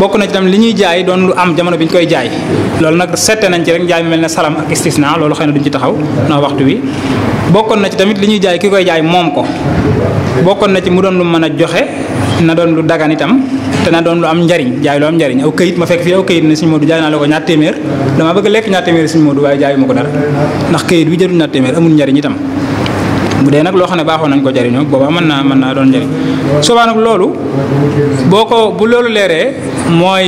[SPEAKER 2] bokk na ci tam li ñuy jaay doon lu am jamono bi ñu koy jaay loolu nag sette nañ ci rek njaay mi mel ne salaam ak istisna loolu xëy na duñ ci taxaw na waxtu wi bokkoon na ci tamit li ñuy jaay ki koy jaay moom ko bokkoon na ci mu doon lu mën a joxe na doon lu dagan itam te na doon lu am njariñ jaay lu am njariñ aw këyit ma fekk fii aw këyit ne suñu moodu jaay naa la ko ñaar téeméer damaa bëgg lekk ñaar téeméer suñu moodu waaye jaayu ko dara ndax këyit bi jëru ñaar téeméer amul njariñ itam bu dee nag loo xam ne baaxoo nañ ko jariñoo boobaa mën naa mën naa doon njariñ soobaa nag loolu boo ko bu loolu leeree mooy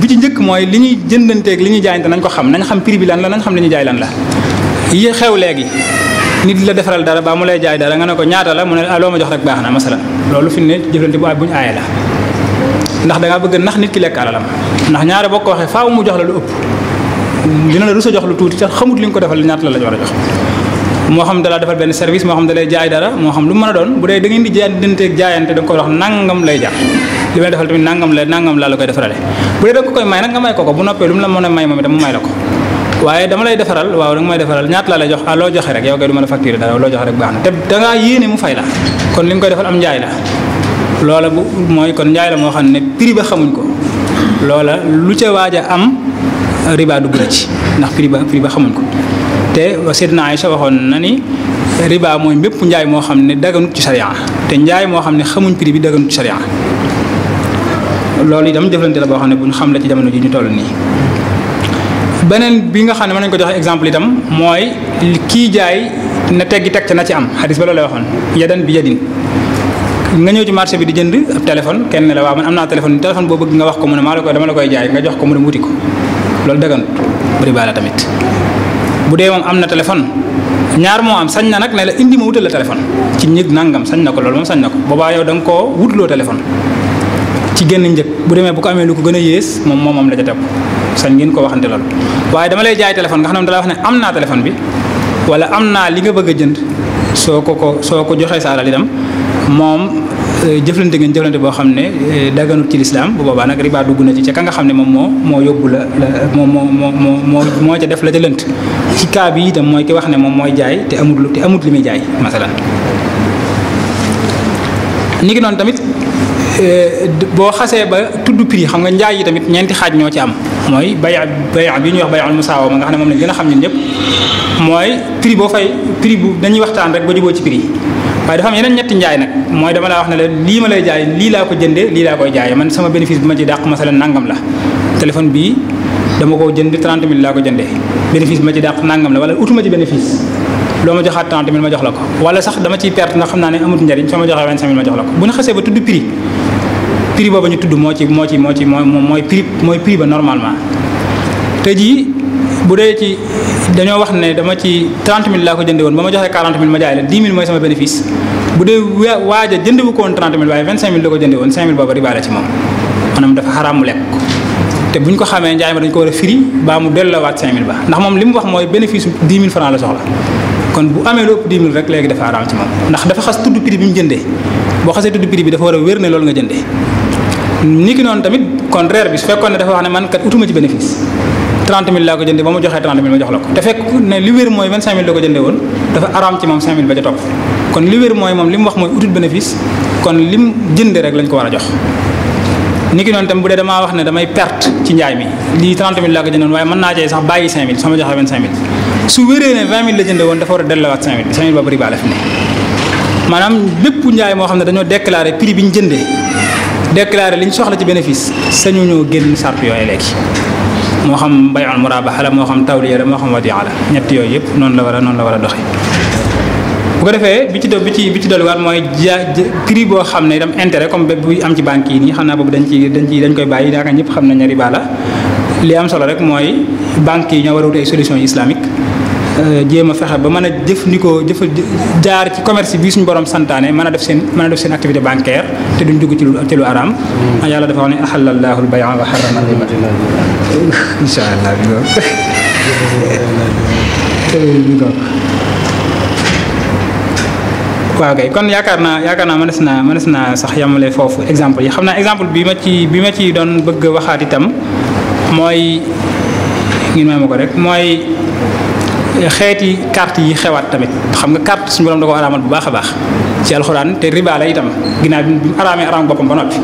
[SPEAKER 2] bu ci njëkk mooy li ñuy jëndanteeg li ñuy jaayante nañ ko xam nañ xam prix bi lan la nañ xam li ñu jaay lan la yi xew léegi nit la defaral dara baa mu lay jaay dara nga ne ko ñaata la mu ne ah loo ma jox rek baax na masala loolu fi ne jëflante bu ay buñ la ndax danga bëgg nax nit ki lekk alalam ndax ñaare boo ko waxee faaw mu jox la lu ëpp dina la rus a jox lu tuuti te xamut li nga ko defal ñaata la la war a jox moo xam da la defal benn service moo xam da lay jaay dara moo xam lu mën a doon bu dee da ngeen di jaayanteeg jaayante da nga koy wax nangam lay jar li may defal tamit nangam la nangam laa la koy defarale bu dee da nga koy may nag nga may ko ko bu noppee lu mu la mën a may moom itam mu may la ko waaye dama lay defaral waaw da nga may defaral ñaata laa lay jox ah loo joxe rek yow kay du ma a facturer dara loo joxe rek baax na te da ngaa yéene mu fay la kon li nga koy defal kon njaay moo xam ne prix ba xamuñ ko loola lu ca waaj a am riba dugg na ci ndax prix ba prix ba xamuñ ko te Seydina sa waxoon na ni riba mooy mépp njaay moo xam ne daganut ci sariya te njaay moo xam ne xamuñ prix bi daganut ci sariya loolu itam jëflante la boo xam ne bu xam la ci jamono ji ñu toll nii. beneen bi nga xam ne mën nañu ko joxe exemple itam mooy kii jaay na teggi teg ca na ci am xadis ba loolu lay waxoon yadan bi yadin nga ñëw ci marché bi di jënd ab téléphone kenn la waaw man am naa téléphone téléphone boo bëgg nga wax ko mu ne maa la koy dama la koy jaay nga jox ko mu ne ko loolu daganut riba tamit. bu dee moom am na téléphone ñaar moo am sañ na nag ne la indi ma wutal la téléphone ci njëg nangam sañ na ko loolu moom sañ na ko boobaa yow danga nga koo wutloo téléphone ci génn njëg bu demee bu ko amee lu ko gën a yées moom moom moom la ca tepp sañ ngeen ko waxante loolu waaye dama lay jaay téléphone nga xam ne ne am naa bi wala am naa li nga bëgg a jënd soo ko ko soo ko joxee sa alal itam moom euh, jëflante ngeen jëflante boo xam ne euh, daganut ci lislaam bu boobaa nag dugg na ci ca ka nga xam ne moom moo moo yóbbu la moo moo moo moo moo ca def la ca ci cas bi itam mooy ki wax ne moom mooy jaay te amut lu te amut li muy jaay masalan ni ki noonu tamit euh, boo xasee ba tudd prix xam nga njaay yi tamit ñeenti xaaj ñoo ci am mooy bay bay bi ñuy wax bay'ul musaawa nga xam ne moom lañ xam ñun ñëpp mooy prix boo fay prix bu dañuy waxtaan rek ba juboo ci prix waaye dafa am yeneen ñetti njaay nag mooy dama laa wax ne la lii ma lay jaay lii laa ko jëndee lii laa koy jaay man sama bénéfice bi ma ci dàq masalan nangam la téléphone bii dama ko jënd 30 mille laa ko jëndee bénéfice bi ma ci dàq nangam la wala utuma ci bénéfice loo ma joxaat 30 mille ma jox la ko wala sax dama ciy perte ndax xam naa ne amut njariñ soo ma joxee 25 mille ma jox la ko bu ñu xasee ba tudd prix prix boobu ñu tudd moo ci moo ci moo ci moo mooy prix mooy prix ba normalement te jii bu dee ci dañoo wax ne dama ci 30 mille laa ko jëndee woon ba ma joxee 40 mille ma jaay la mooy sama bénéfice bu dee waaja jëndewu ko ko woon 5 te bu ñu ko xamee njaay ma dañ ko war a firi baa mu dellowaat 5000 ba ndax moom li mu wax mooy bénéfice kon ne loolu nga jëndee ni ki noonu tamit contraire bi su fekkoon ne dafa wax ne man kat utuma ci bénéfice 30 000 laa ko jëndee li mu wax rek lañ ko war a jox ni ki noonu tam bu dee damaa wax ne damay perte ci njaay mi lii 30 000 laa ko jëndoon waaye mën naa cay sax bàyyi 5000 sama joxe 25 000 su wéree ne 20 000 la jënd woon dafa war a delluwaat 5 000 5 000 boobu riba la fi ne maanaam lépp njaay moo xam ne dañoo déclaré prix bi ñu jëndee déclaré li ñu soxla ci bénéfice sañu ñoo génn sart yooyu léegi moo xam bayoon muraabaxa la moo xam tawliya la moo xam wadiya la yooyu yëpp noonu la war a noonu la war a doxee ko defee bi ci do bi ci bi ci dolliwaat mooy ja prix boo xam ne dam intérêt comme bu am ci banque yi nii xam naa boobu dañ ci dañ ci dañ koy bàyyi daaka ñëpp xam nañ ne riba la li am solo rek mooy banque yi ñoo war a wut ay solution islamique euh, jéem a fexe ba mën a jëfandikoo jëfa jaar ci commerce bi suñu borom santaane mën a def seen mën a def seen activité bancaire te duñ dugg ci lu ci lu araam. Mm. yàlla dafa wax ne ahallallaahu al-bay'a wa harrama al-riba. incha allah. waaw kay kon yaakaar naa yaakaar naa mënees naa mënees naa sax yamale foofu exemple yi xam naa exemple bi ma ci bi ma ci doon bëgg waxaat itam mooy ngeen may ma ko rek mooy xeeti carte yi xewaat tamit xam nga kart suñu borom da ko araamal bu baax a baax ci alxuraan te riba la itam ginnaaw bi mu araamee araam boppam ba noppi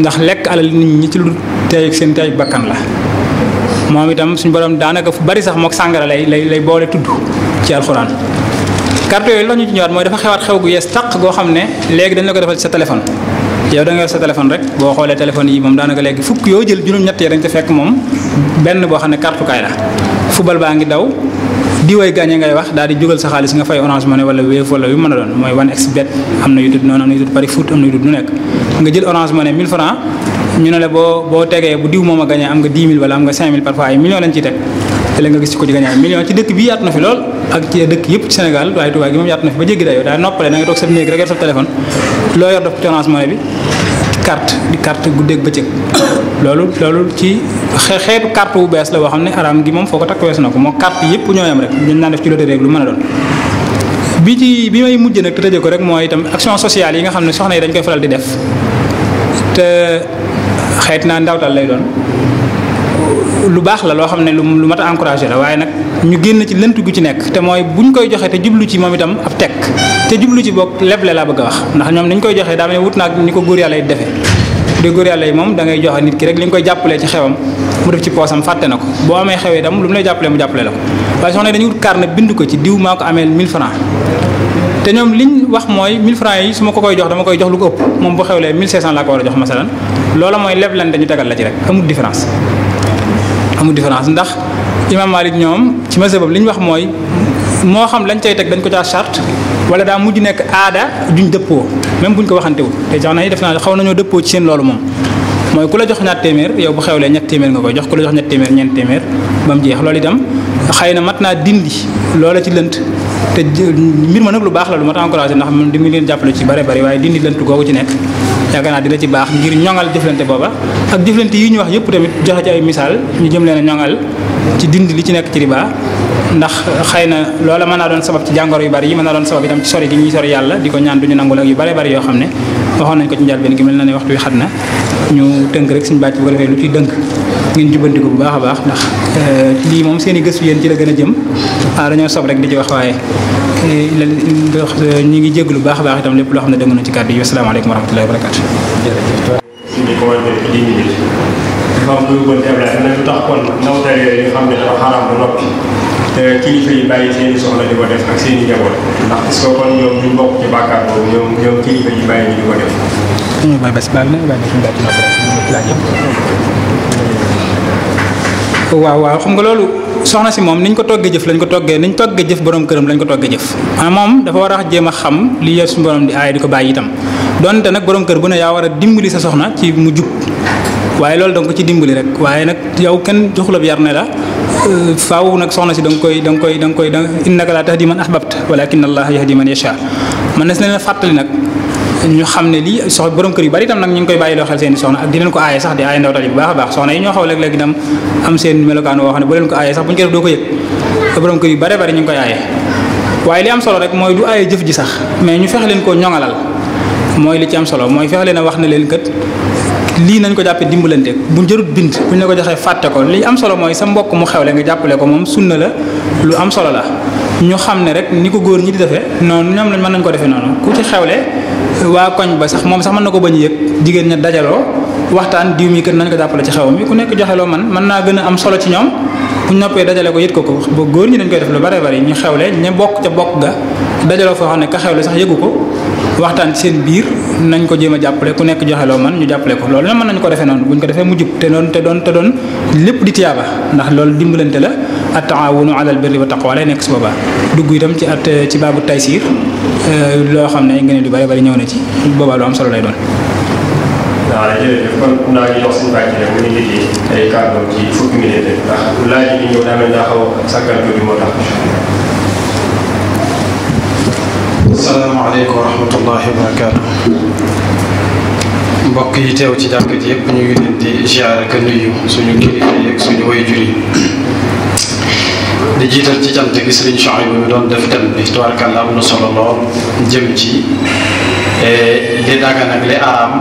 [SPEAKER 2] ndax lekk alal nit ñi ci lu tey seen tey bakkan la moom itam suñu borom daanaka fu bari sax mook sàngara lay lay lay boole tudd ci alxuraan carte yooyu la ñu ci ñëwaat mooy dafa xewaat xew gu yees tàq goo xam ne léegi dañ la ko defal sa téléphone yow da nga sa téléphone rek boo xoolee téléphone yi moom daanaka léegi fukk yoo jël juróom-ñett yi dañ te fekk moom benn boo xam ne carte kaay la football baa ngi daw di way gaañe ngay wax sa xaalis a doon mooy 1xbet am na yu noonu am na yu tudd pari nu nekk nga jël orange money 1000 francs ñu ne la boo boo tegee bu diw moom a gagné am nga 10 000 wala am nga 5000 parfois ay léeg nga gis ci ko ci gagné ay million ci dëkk bi yaatu na fi lool ak ci dëkk yëpp ci Sénégal waaye Touba gi moom yaatu na fi ba jéggi dayoo daa noppale da nga toog sa néeg rek yor sa téléphone loo yor def ci Orange Money bi carte di carte guddeeg bëccëg loolu loolu ci xeetu carte bu bees la boo xam ne araam gi moom foo ko takk wees na ko moom carte yëpp ñoo yam rek ñun naan def ci loterie rek lu mën a doon bi ci bi may mujj nag te tëjee ko rek mooy itam action sociale yi nga xam ne soxna yi dañ koy faral di def te xeet naa ndawtal lay doon lu baax la loo xam ne lu lu mat a encouragé la waaye nag ñu génn ci lënt gu ci nekk te mooy buñ koy joxee te jublu ci moom itam ab tekk te jublu ci boog leble laa bëgg a wax ndax ñoom niñ koy joxee daa mel ne wut naag ni ko góor yàlla yi defee de da ngay joxe nit ki rek li nga koy jàppalee ci xewam mu def ci poosam fàtte na ko boo amee xewee itam lu mu lay jàppalee mu ko waaye soxna ma koy jox dama koy jox lu ko ëpp moom bu xewlee 1500 laa ko war a jox masalan loola mooy leblante ñu tegal la ci rek amul différence amul différence ndax imam Malik ñoom ci mazhab boobu li ñu wax mooy moo xam lañ cay teg dañ ko caa charte wala daa mujj nekk aada duñ dëppoo même buñ ko waxantewul te jax na yi def naa xaw nañoo dëppoo ci seen loolu moom mooy ku la jox ñaar téeméer yow bu xewlee ñett téeméer nga koy jox ku la jox ñett téeméer ñeent téeméer ba jeex loolu itam xëy na mat naa dindi loola ci lënt te mbir ma nag lu baax la lu ma ta encouragé ndax man di mu leen jàppale ci bare bari waaye dindi lënt googu ci nekk yaakaar dina ci baax ngir ñoŋal jëflante booba ak jëflante yi ñu wax yëpp tamit joxe ci ay misaal ñu jëm leen ñoŋal ci dindi li ci nekk ci riba ndax xëy na loola mën naa doon sabab ci jàngoro yu bari yi mën naa doon sabab itam ci sori gi ñuy sori yàlla di ko ñaan duñu nangul ak yu bare bari yoo xam ne waxoon nañ ko ci njëlbeen gi mel na ne waxtu wi xat na ñu tënk rek suñu bàcc bu ko defee lu ciy dënk ngeen jubbanti ko baax a baax ndax Euh, lii moom seen i gëstu yéen ci la gën a jëm ah dañoo sob rek di ci wax waaye eh, euh, ñu ngi jégg lu baax a baax itam lépp loo xam ne dëng na ci kàddu yi asalaamaaleykum wa rahmatullahi wa barakaatu.
[SPEAKER 1] jërëjëf te kilifa yi bàyyi seen i soxla di def ak seen i ndax parce kon ñoom ñu bokk ci bàkkaar boobu ñoom kilifa yi bàyyi ñu def.
[SPEAKER 2] waaw waaw xam nga loolu soxna si moom niñ ko toggee jëf lañ ko toggee niñ toggee jëf borom këram lañ ko toggee jëf ah moom dafa war a jéem a xam li yëf suñu borom di aay di ko bàyyi itam donte nag borom kër bu ne yaa war a dimbali sa soxna ci mu jub waaye loolu da nga ko ci dimbali rek waaye nag yow kenn joxula bi yar ne la euh, faaw nag soxna si da nga koy da nga koy da nga koy innaka laa tahdi man ahbabta walakin allah yahdi man yasha man nes ne la fàttali ñu xam ne lii sox borom kër yu bari itam nag ñu ngi koy bàyyiloo xel seen i soxna ak di leen ko aaye sax di aaye ndaw tali bu baax a baax soxna yi ñoo xaw léeg-léeg itam am ko aayee sax bu am solo rek mooy du aaye jëf ji sax mais ñu fexe leen koo ñoŋalal mooy li am solo mooy fexe leen wax ne leen kët lii nañ ko jàppee dimbalante bu njërut bind bu ñu ko joxee fàtte ko li am solo mooy sa mbokk mu leen nga jàppale ko moom sunna la lu am solo la ñu xam ne rek ni ko góor ñi di defee noonu ñoom lañ mën nañ ko defee noonu ku ci xewle waa koñ ba sax moom sax mën na ko bañ a yëg jigéen ña dajaloo waxtaan diw mii kër nañ ko jàppale ci xewam mi ku nekk joxe loo man mën naa gën a am solo ci ñoom bu noppee dajale ko yët ko ko ba góor ñi dañ koy def lu bare bari ñu xewle ña bokk ca bokk ga dajaloo foo xam ne ka xewle sax yëgu ko waxtaan ci seen biir nañ ko jéem a jàppale ku nekk joxe loo man ñu jàppale ko loolu nag mën nañ ko defee noonu buñ ko defee mu jub te doon te doon te doon lépp di tiyaaba ndax loolu dimbalante la at taawunu alal birri wa taqwa lay nekk su boobaa dugg itam ci at ci baabu taysiir euh, loo xam ne ngeen di bari bari ñëw na ci boobaa lu am solo lay doon.
[SPEAKER 1] waaw jërëjëf kon naa ngi jox suñu bàcc rek mu ngi liggéey ay kàddoom ci fukki minute ndax laaj yi ñëw
[SPEAKER 3] daa mel daa xaw a sàggal tuuti moo salaamaaleykum wa rahmatullahi wa barakaatu. mbokk yi teew ci jàkk ji yëpp ñu ngi leen di ziar ka nuyu suñu kilifa yi ak suñu wayjur yi di jiital ci cant gi Sëriñ Chouaïbou bi doon def thème bi tubaarkàlla am na solo lool jëm ci e, li dagan ak li araam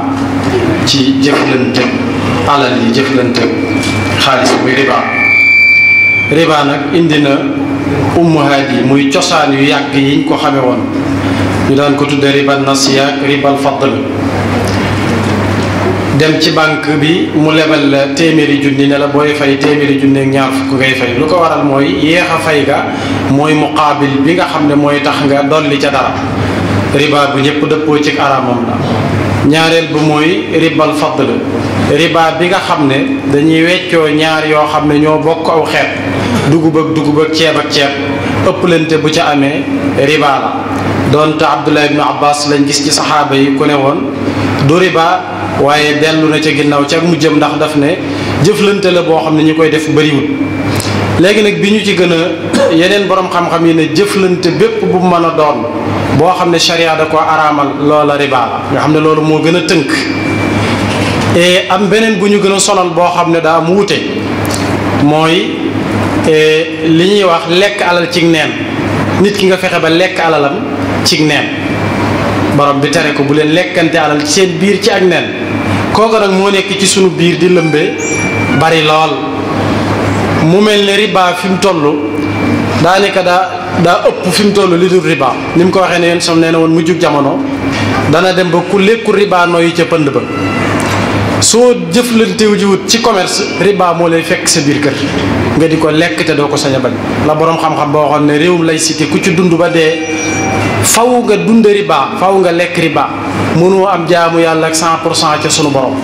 [SPEAKER 3] ci jëflante alal yi xaalis muy riba riba nag indi na ummahaat yi muy cosaan yu yàgg yi ko xame ñu daan ko tuddee ribal nasiya ak ribal fadl dem ci banque bi mu lebal la téeméeri junni ne la booy fay téeméeri junni ak ñaar fukk ngay fay lu ko waral mooy yéex a fay ga mooy muqaabil bi nga xam ne mooy tax nga dolli ca dara riba bu ñëpp dëppoo ci araamam la ñaareel bu mooy ribal fadl riba bi nga xam ne dañuy weccoo ñaar yoo xam ne ñoo bokk aw xeet dugub ak dugub ak ceeb ak ceeb ëpplante bu ca amee riba la doonte Abdullah ibnu Abbas lañ gis ci saxaaba yi ku ne woon du riba waaye dellu na ca ginnaaw ca mu jëm ndax daf ne jëflante la boo xam ne ñu koy def bëriwul. léegi nag bi ñu ci gën a yeneen borom xam-xam yi ne jëflante bépp bu mën a doon boo xam ne sharia da ko araamal loola riba la nga xam ne loolu moo gën a tënk e am beneen bu ñu gën a sonal boo xam ne daa mu wute mooy e, li ñuy wax lekk alal ci neen nit ki nga fexe ba lekk alalam. cig neen borom bi tere ko bu leen lekkante alal ci seen biir ci ak neen kooku nag moo nekk ci sunu biir di lëmbee bari lool mu mel ne riba fi mu toll daanaka daa daa ëpp fi mu toll li dul riba ni mu ko waxee ne yéen sam nee na woon mujjug jamono dana dem ba ku lekku riba nooyu ca pënd ba soo jëflantewu ci commerce riba moo lay fekk sa biir kër nga di ko lekk te doo ko sañ a la boroom xam-xam boo waxoon ne réewum lay cité ku ci dund ba dee faw nga dund riba faw nga lekk riba mënoo am jaamu yàlla ak cent ca sunu borom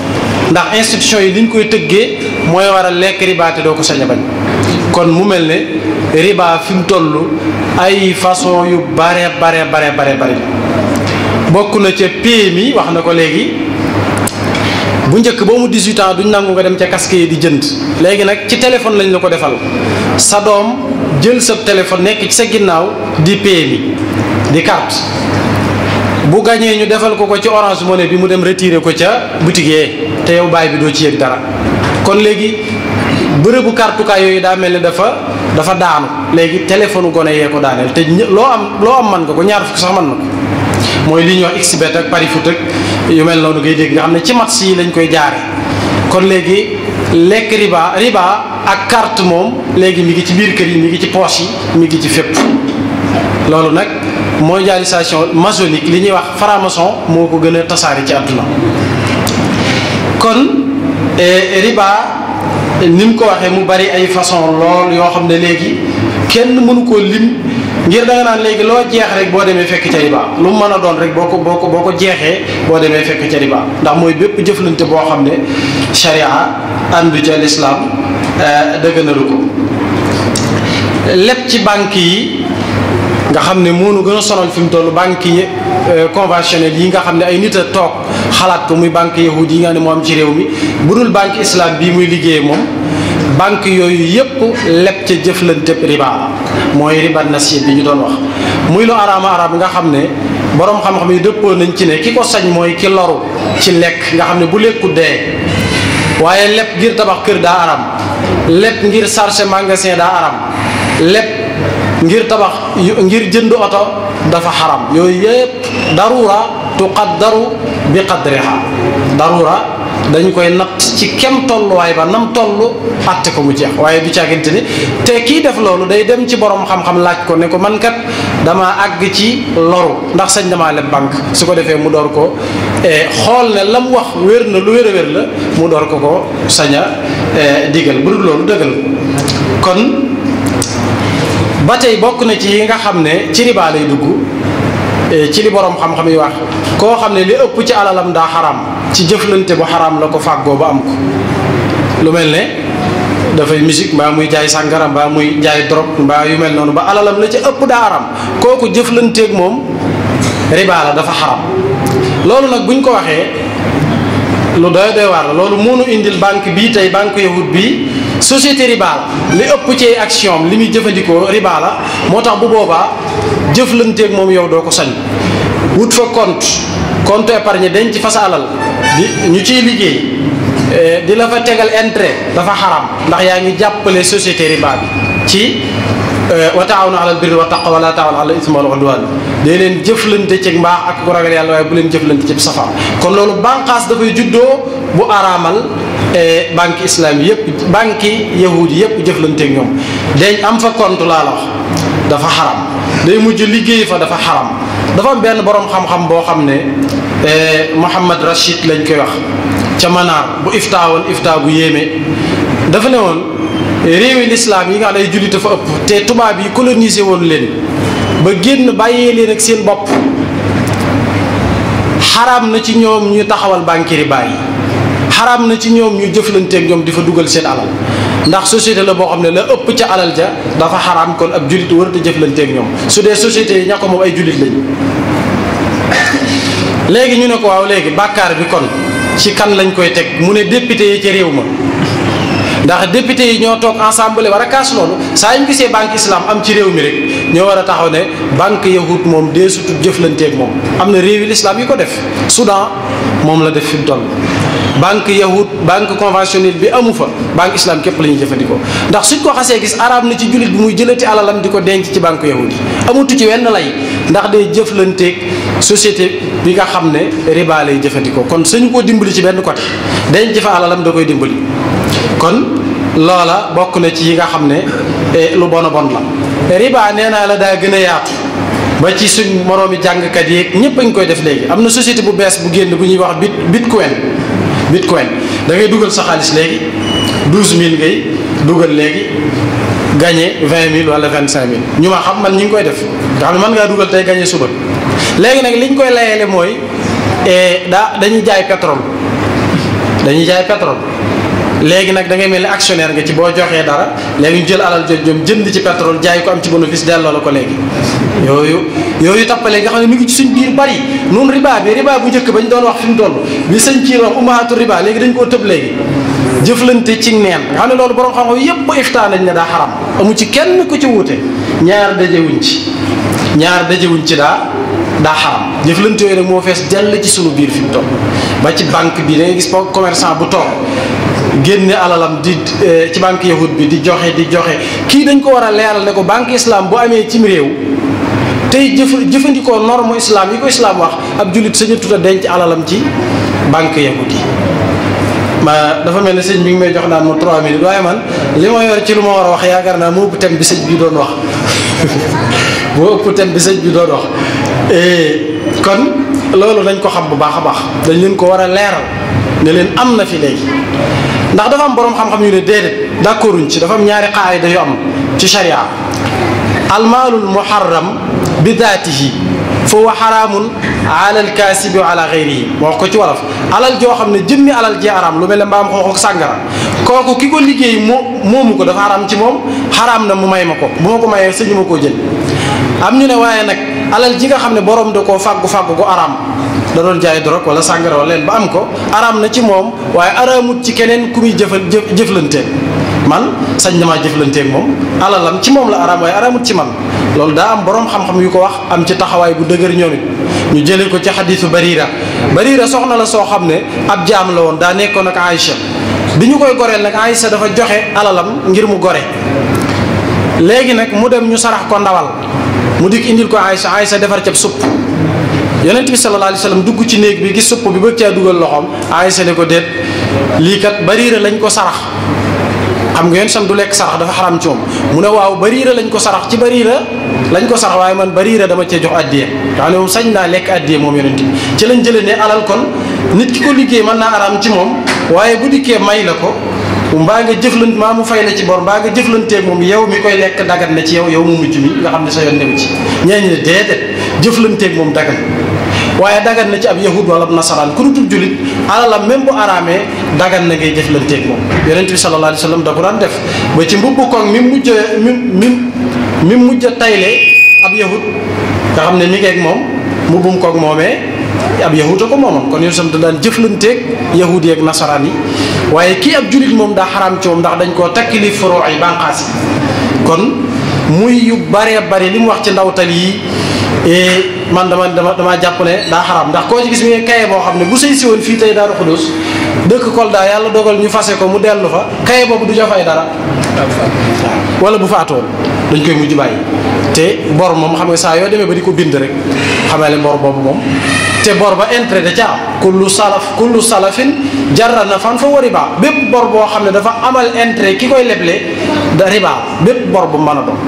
[SPEAKER 3] ndax institution yi liñ koy tëggee mooy war a lekk riba te doo ko sañ a bañ kon mu mel ne riba fi mu ay façon yu bare bare bare bare bari bokk na ca PMI wax na ko léegi. bu njëkk ba mu 18 ans duñ nangu nga dem ca casque yi di jënd léegi nag ci téléphone lañ la ko defal sa doom jël sa téléphone nekk ci sa ginnaaw di PMI di carte bu gañee ñu defal ko ko ci Orange Money bi mu dem retiré ko ca boutique yee te yow baay bi doo ci yëg dara kon léegi bërëbu kartukaay yooyu daa mel ne dafa dafa daanu léegi téléphone gone yee ko daaneel te loo am loo am man nga ko ñaar fukk sax man na ko mooy li ñuy wax xbet ak pari foot ak yu mel noonu ngay dégg nga xam ne ci match yi lañ koy jaare kon léegi lekk riba riba ak kart moom léegi mi ngi ci biir kër yi mi ngi ci poche yi mi ngi ci fépp loolu nag mondialisation maçonnique li ñuy wax franc-maçon moo ko gën a tasaari ci àdduna kon eh, riba ni mu ko waxee mu bari ay façon lool yoo xam ne léegi kenn mënu ko lim ngir da naan léegi loo jeex rek boo demee fekk ca riba lu mu mën a doon rek boo ko boo ko jeexee boo demee fekk ca riba ndax mooy bépp jëflante boo xam ne sharia àndu ca lislaam euh, dëgganalu ko lépp ci banque yi nga xam ne moonu gën a sonal fi mu toll banque yi euh, conventionnel yi nga xam ne ay nit a toog xalaat ko muy banque yahudi yi nga ne moo ci réew mi bu dul banque islaam bii muy liggéeye moom banque yooyu yépp leb ca jëflante riba mooy riba nasiib bi ñu doon wax muy lu araama araam nga xam ne boroom xam-xam yi dëppoo nañ ci ne ki ko sañ mooy ki loru ci lekk nga xam ne bu lekku dee waaye leb ngir tabax kër daa araam leb ngir charger magasin daa araam leb ngir tabax ngir jënd oto dafa xaram yooyu yépp darura tuqaddaru bi qadriha darura dañ koy natt ci kem tolluwaay ba nam toll àtte ko mu jeex waaye du caaginte ni te kii def loolu day dem ci boroom xam-xam laaj ko ne ko man kat dama àgg ci loru ndax sañ damaa leb banque su ko defee mu door ko eh, xool ne lam wax wér na lu wér a wér la mu door ko ko sañ a eh, digal bu dul loolu dëggal kon ba tey bokk na ci yi nga xam ne ci riba lay dugg eh, ci li borom xam-xam yi wax koo xam ne li ëpp ci alalam daa xaram ci jëflante bu xaraam la ko fàggoo ba am ko lu mel ne dafay musique mbaa muy jaay sàngara mbaa muy jaay drogue mbaa yu mel noonu ba alalam la ci ëpp daa kooku jëflanteeg moom riba la dafa xaram loolu nag buñ ko waxee lu doy doy waar la loolu mënu indil banque bii tey banque yahut bii société riba li ëpp ci action li muy jëfandikoo riba la moo tax bu boobaa jëflanteeg moom yow doo ko sañ wut fa compte compte épargne denc fa sa alal di ñu ciy liggéey eh, di la fa tegal intérêt dafa xaram ndax yaa ngi jàppale société riba bi ci eh, wa taawanu alal birri wa taqwa wala taawanu alal ismi wal udwan day leen jëflante ci mbaax ak ku yàlla waaye bu leen jëflante ci safar kon loolu bànqaas dafay juddoo bu araamal eh, banque islam yëpp banque yahudi yëpp jëflanteek ñoom dañ am fa compte laa la wax dafa xaram day mujj liggéey fa dafa xaram dafa am benn borom xam-xam boo xam ne Eh, Mouhamad Rachid lañ koy wax ca manaar bu iftaa woon iftaa bu yéeme dafa ne woon réewi lislaam yi nga xam ay jullit dafa ëpp te tubaab yi colonisé woon leen ba génn bàyyee leen ak seen bopp xaraam na ci ñoom ñu taxawal banque riba yi xaraam na ci ñoom ñu jëflanteek ñoom di fa dugal seen alal ndax société la boo xam ne la ëpp ca alal ja dafa xaraam kon ab jullit warut a jëflanteeg ñoom su dee société yi ña ko moom ay jullit lañu léegi ñu ne ko waaw léegi bàkkaar bi kon ci kan lañ koy teg mu ne député yi ca réew ma ndax député yi ñoo toog ensemble war a kaas loolu saa yu ñu gisee banque islam am ci réew mi rek ñoo war a taxaw ne banque yahut moom dee sutu jëflanteeg moom am na réewi l'islam yi ko def Soudan moom la def fi mu toll banque yahut banque conventionnelle bi amu fa banque islam képp la ñuy jëfandikoo ndax suñ ko xasee gis arab na ci jullit bi muy jëlati alalam di ko denc ci banque yahut yi amatu ci wenn lay ndax day jëflanteeg société bi nga xam ne riba lay jëfandikoo kon suñu ko dimbali ci benn côté denc fa alalam da koy dimbali kon loola bokk na ci yi nga xam ne eh, lu bon a bon la riba nee naa la daa gën a yaatu ba ci suñ moroomi jàngkat yeeg ñëpp a koy def léegi am na société bu bees bu génn bu ñuy wax bit bitcoin bitcoin da ngay dugal sa xaalis léegi douze mille ngay dugal léegi gagné vingt mille wala vingt cinq mille ñu ma xam man ñu ngi koy def nga xam ne mën ngaa dugal tey gagné suba léegi nag liñ koy layeele mooy eh, daa dañuy jaay pétrole dañuy jaay pétrole. léegi nag da ngay mel ni actionnaire nga ci boo joxee dara léegi ñu jël alal jot ñoom jënd ci pétrole jaay ko am ci bénéfice delloo la ko léegi yooyu yooyu tappalee nga xam ne mi ngi ci suñ biir bari noonu riba bi riba bu njëkk bañ doon wax fi mu toll bi sëñ ci wax umaatu riba léegi dañ koo tëb léegi jëflante ci neen nga xam ne loolu borom xam-xam yëpp iftaa nañ ne daa xaram amu ci kenn ko ci wuute ñaar dajewuñ ci ñaar dajewuñ ci daa daa xaram jëflante yooyu moo fees dell ci sunu biir fi mu toll ba ci banque bi da ngay gis commerçant bu toog génne alalam di eh, ci banque yahud bi di joxe di joxe kii dañ ko war a leeral ne ko banque islam bu amee cim réew tey jëf jëfandikoo norme islam yi ko islam wax ab jullit sañu tuta denc alalam ci banque yahud yi ma dafa mel ne sëñ bi ngi may jox naan ma trois minutes waaye man li ma yor ci lu ma war a wax yaakaar naa moo ëpp thème bi sëñ bi doon wax moo ëpp ten bi sëñ bi doon wax eh, kon loolu dañ ko xam bu baax a baax dañ leen ko war a leeral ne leen am na fi léegi ndax dafa am borom xam-xam yu ne déedéet d'accord ci dafa am ñaari qaayida yu am ci sharia almaalul muharram bi daatihi fa huwa xaraamun ala alkaasibi wa ala ko ci wolof alal joo xam ne jëmmi alal ji aram lu mel ne mbaam xoox ak sàngara kooku ki ko liggéey moo moomu ko dafa xaraam ci moom xaraam na mu may ma ko bu ma ko mayee sañu ma koo jël am ñu ne waaye nag alal ji nga xam ne borom da koo fàggu fàggu ko aram daloon jaay drogue wala sàngara wala leen ba am ko araam na ci moom waaye araamut ci keneen ku muy jëfal jëflantee man sañ na maa jëflanteeg moom alalam ci moom la araam waaye araamut ci man loolu daa am boroom xam-xam yu ko wax am ci taxawaay bu dëgër ñoom ñu jëlee ko ci xadiisu Barira Barira soxna la soo xam ne ab jaam la woon daa nekkoon ak Aïcha bi ñu koy goreel nag Aïcha dafa joxe alalam ngir mu gore léegi nag mu dem ñu sarax ko ndawal mu dikk indil ko Aïcha Aïcha defar ca supp yonent bi sallallahu alayhi wa sallam dugg ci néeg bi gis supp bi bëgg caa dugal loxoom Aysa ne ko déet lii kat bariira lañ ko sarax xam nga yéen sam du lekk sarax dafa xaram ci moom mu ne waaw bariira lañ ko sarax ci bariira lañ ko sarax waaye man bariira dama cee jox addiye nga xam ne moom sañ naa lekk addiye moom yonent bi ci lañ ne alal kon nit ki ko liggéey mën naa araam ci moom waaye bu dikkee may la ko mbaa nga jëflant maa mu fay la ci bor mbaa nga moom yow mi koy lekk dagat na ci yow yow mu mujj mi nga xam ne sa yoon dem ci ñee ñu ne déedéet jëflanteeg moom waaye daggan na ci ab yahud wala ab nasaraan ku dutub julit alalam même bu araamee dagan na ngay jëflanteeg moom yonent bi sallallahu alayhi wa sallam da ko daan def ba ci mbubbu koŋ mi mujj a mi mi mi mujj a tayle ab yahud nga xam ne mi ngeeg moom mbubbum koŋ moomee ab yahuda ko moomoon kon yonent bi da daan jëflanteeg yahud yeeg nasaraan yi waaye kii ab julit moom daa xaraam ci moom ndax dañ koo takkilif furoo ay bànqaas yi kon muy yu bare bare li mu wax ci ndawtal yi man dama dama damaa jàpp ne daa xaraam ndax koo ci gis mi ngi kaye boo xam ne bu sëy si fii tey Daaru Xudus dëkk Kolda yàlla dogal ñu fase ko mu dellu fa kaye boobu du jafay dara wala bu faatoon dañ koy mujj bàyyi te bor moom xam nga saa yoo demee ba di ko bind rek xamale bor boobu moom te bor ba intérêt da caa kullu salaf kullu salafin jarra na fan fa wa riba bépp bor boo xam ne dafa amal intérêt ki koy leble da riba bépp bor bu mën a doon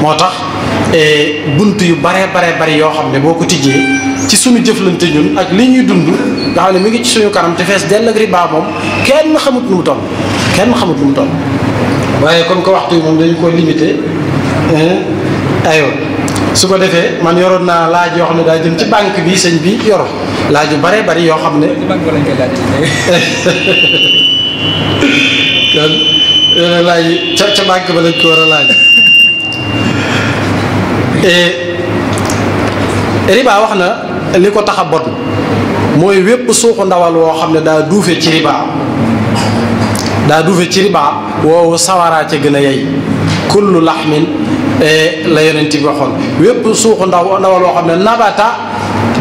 [SPEAKER 3] moo tax E bunt yu bare bare bari yoo xam ne boo ko tijjee ci suñu jëf jëflante ñun ak li ñuy dund nga xam ne mi ngi ci suñu kanam te fees dell ak riba moom kenn xamut nu mu toll kenn xamut nu waaye kon ko waxtu yi moom dañu ko limité aywa su ko defee man yoroon naa laaj yoo xam ne daal jëm ci banque bi sëñ bi yoro laaj yu bare bari yoo xam ne laaj ca ca banque ba lañ ko war a laaj riba wax na li ko tax a mooy wépp suuxu ndawal woo xam ne daa duufe ci riba daa duufe woowu sawaraa ca gën a yey kullu laxmin e la yonent bi waxoon wépp suuxu ndaw ndawal woo xam ne nabata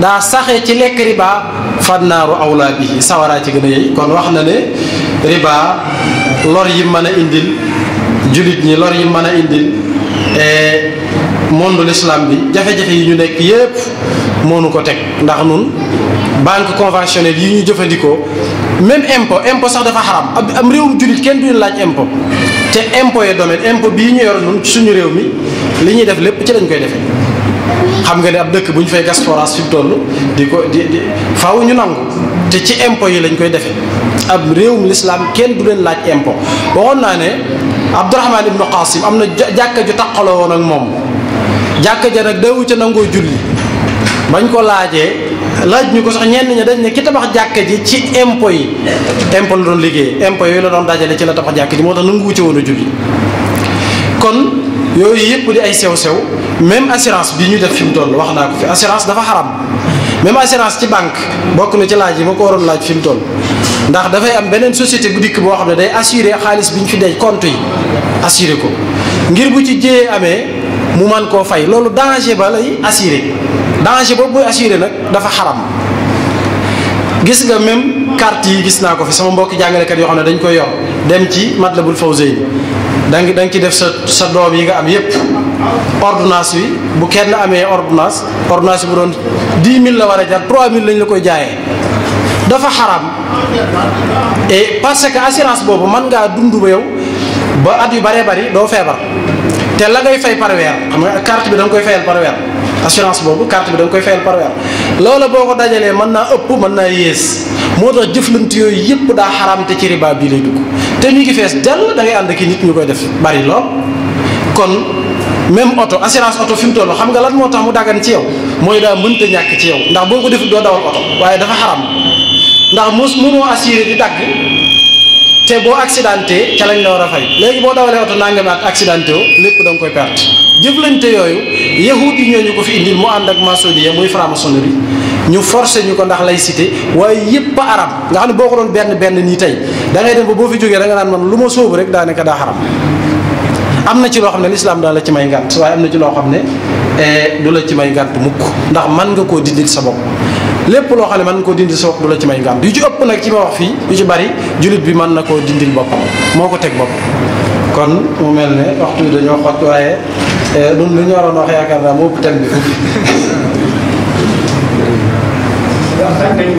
[SPEAKER 3] daa saxee ci lekk riba fannaaru awlaa bi sawaraa ci gën a yey kon wax na ne riba lor yi mën a indil jullit ñi lor yi mën a indil e monde l'islam bi jafe-jafe yi ñu nekk yépp moonu ko teg ndax nun banque conventionnelle yi ñu jëfandikoo même impôt impôt sax dafa xaram ab am réewum jullit kenn duñu laaj impôt te impôt et domaine impôt bii ñu yor nun suñu réew mi li ñuy def lépp ci lañ koy defee xam nga ne dëkk bu ñu fay gas forage fi di ko di faaw ñu nangu te ci impôt yi lañ koy defee ab réewum lislaam kenn du leen laaj impôt waxoon naa ne Abdourahman ibnu Qasim am na jàkka ju taqaloo woon ak moom jàkk ja nag daawu ca nangoo julli bañ koo laajee laaj ñu ko sax ñeen ñi dañ ne ki tabax jàkk ji ci impôt yi impôt la doon liggéey impôt yooyu la doon dajale ci la tabax jàkk ji moo tax nanguwu ca woon a julli kon yooyu yëpp di ay sew-sew même assurance bi ñu def fi mu toll wax naa ko fi assurance dafa xaram même assurance ci banque bokk na ci laaj yi ma ko waroon laaj fi mu toll ndax dafay am beneen société bu dikk boo xam ne day assuré xaalis bi ñu fi denc compte yi ko ngir bu ci jiyee amee mu man koo fay loolu danger ba lay assuré danger boobu buy assuré nag dafa xaram gis nga même carte yi gis naa ko fi sama mbokki jàngalekat yoo xam ne dañ koy yor dem ci Matlabul Fawzayni da nga danga nga ci def sa sa doom yi nga am yépp ordonnance bi bu kenn amee ordonnance ordonnance bu doon 10 000 la war a jar trois 000 lañ la koy jaayee dafa xaram et parce que assurance boobu mën ngaa dund ba yow ba at yu baree bari doo feebar te la ngay fay par weer xam nga carte bi da koy fayal par weer assurance boobu carte bi da nga koy fayal par weer loola boo ko dajalee mën naa ëpp mën naa yées moo tax jëflante yooyu yëpp daa xaramte ci riba bii lay dugg te mi ngi fees dell da ngay ànd ki nit ñu koy def bari lool kon même oto assurance oto fi mu toll xam nga lan moo tax mu daggan ci yow mooy daa mënta ñàkk ci yow ndax boo ko defut doo dawal oto waaye dafa xaram ndax mos mënoo assuré di dagg te boo accidenté ca lañ la war a fay léegi boo dawalee oto nangami at accidenté wu lépp da nga koy perte jëflante yooyu yahud yi ñooñu ko fi indil mu ànd ak maçonnier muy franc bi ñu forcé ñu ko ndax lay laïcité waaye yëpp a arab nga xam ne boo ko doon benn benn nii tey da ngay dem ba boo fi jógee da nga naan man lu ma soobu rek daanaka daa xaram am na ci loo xam ne lislaam daal la ci may ngànt waaye am na ci loo xam ne eh, du la ci may ngànt mukk ndax man nga koo dindil sa bopp lépp loo xam ne mën nga koo dindi sa du la ci may nga am yu ci ëpp nag ci ma wax fii yu ci bari jullit bi mën na koo dindil boppam moo ko teg bopp kon mu mel ni waxtu bi dañoo xott waaye eh, nun lu ñu waroon wax yaakaar naa moo ëpp thème bi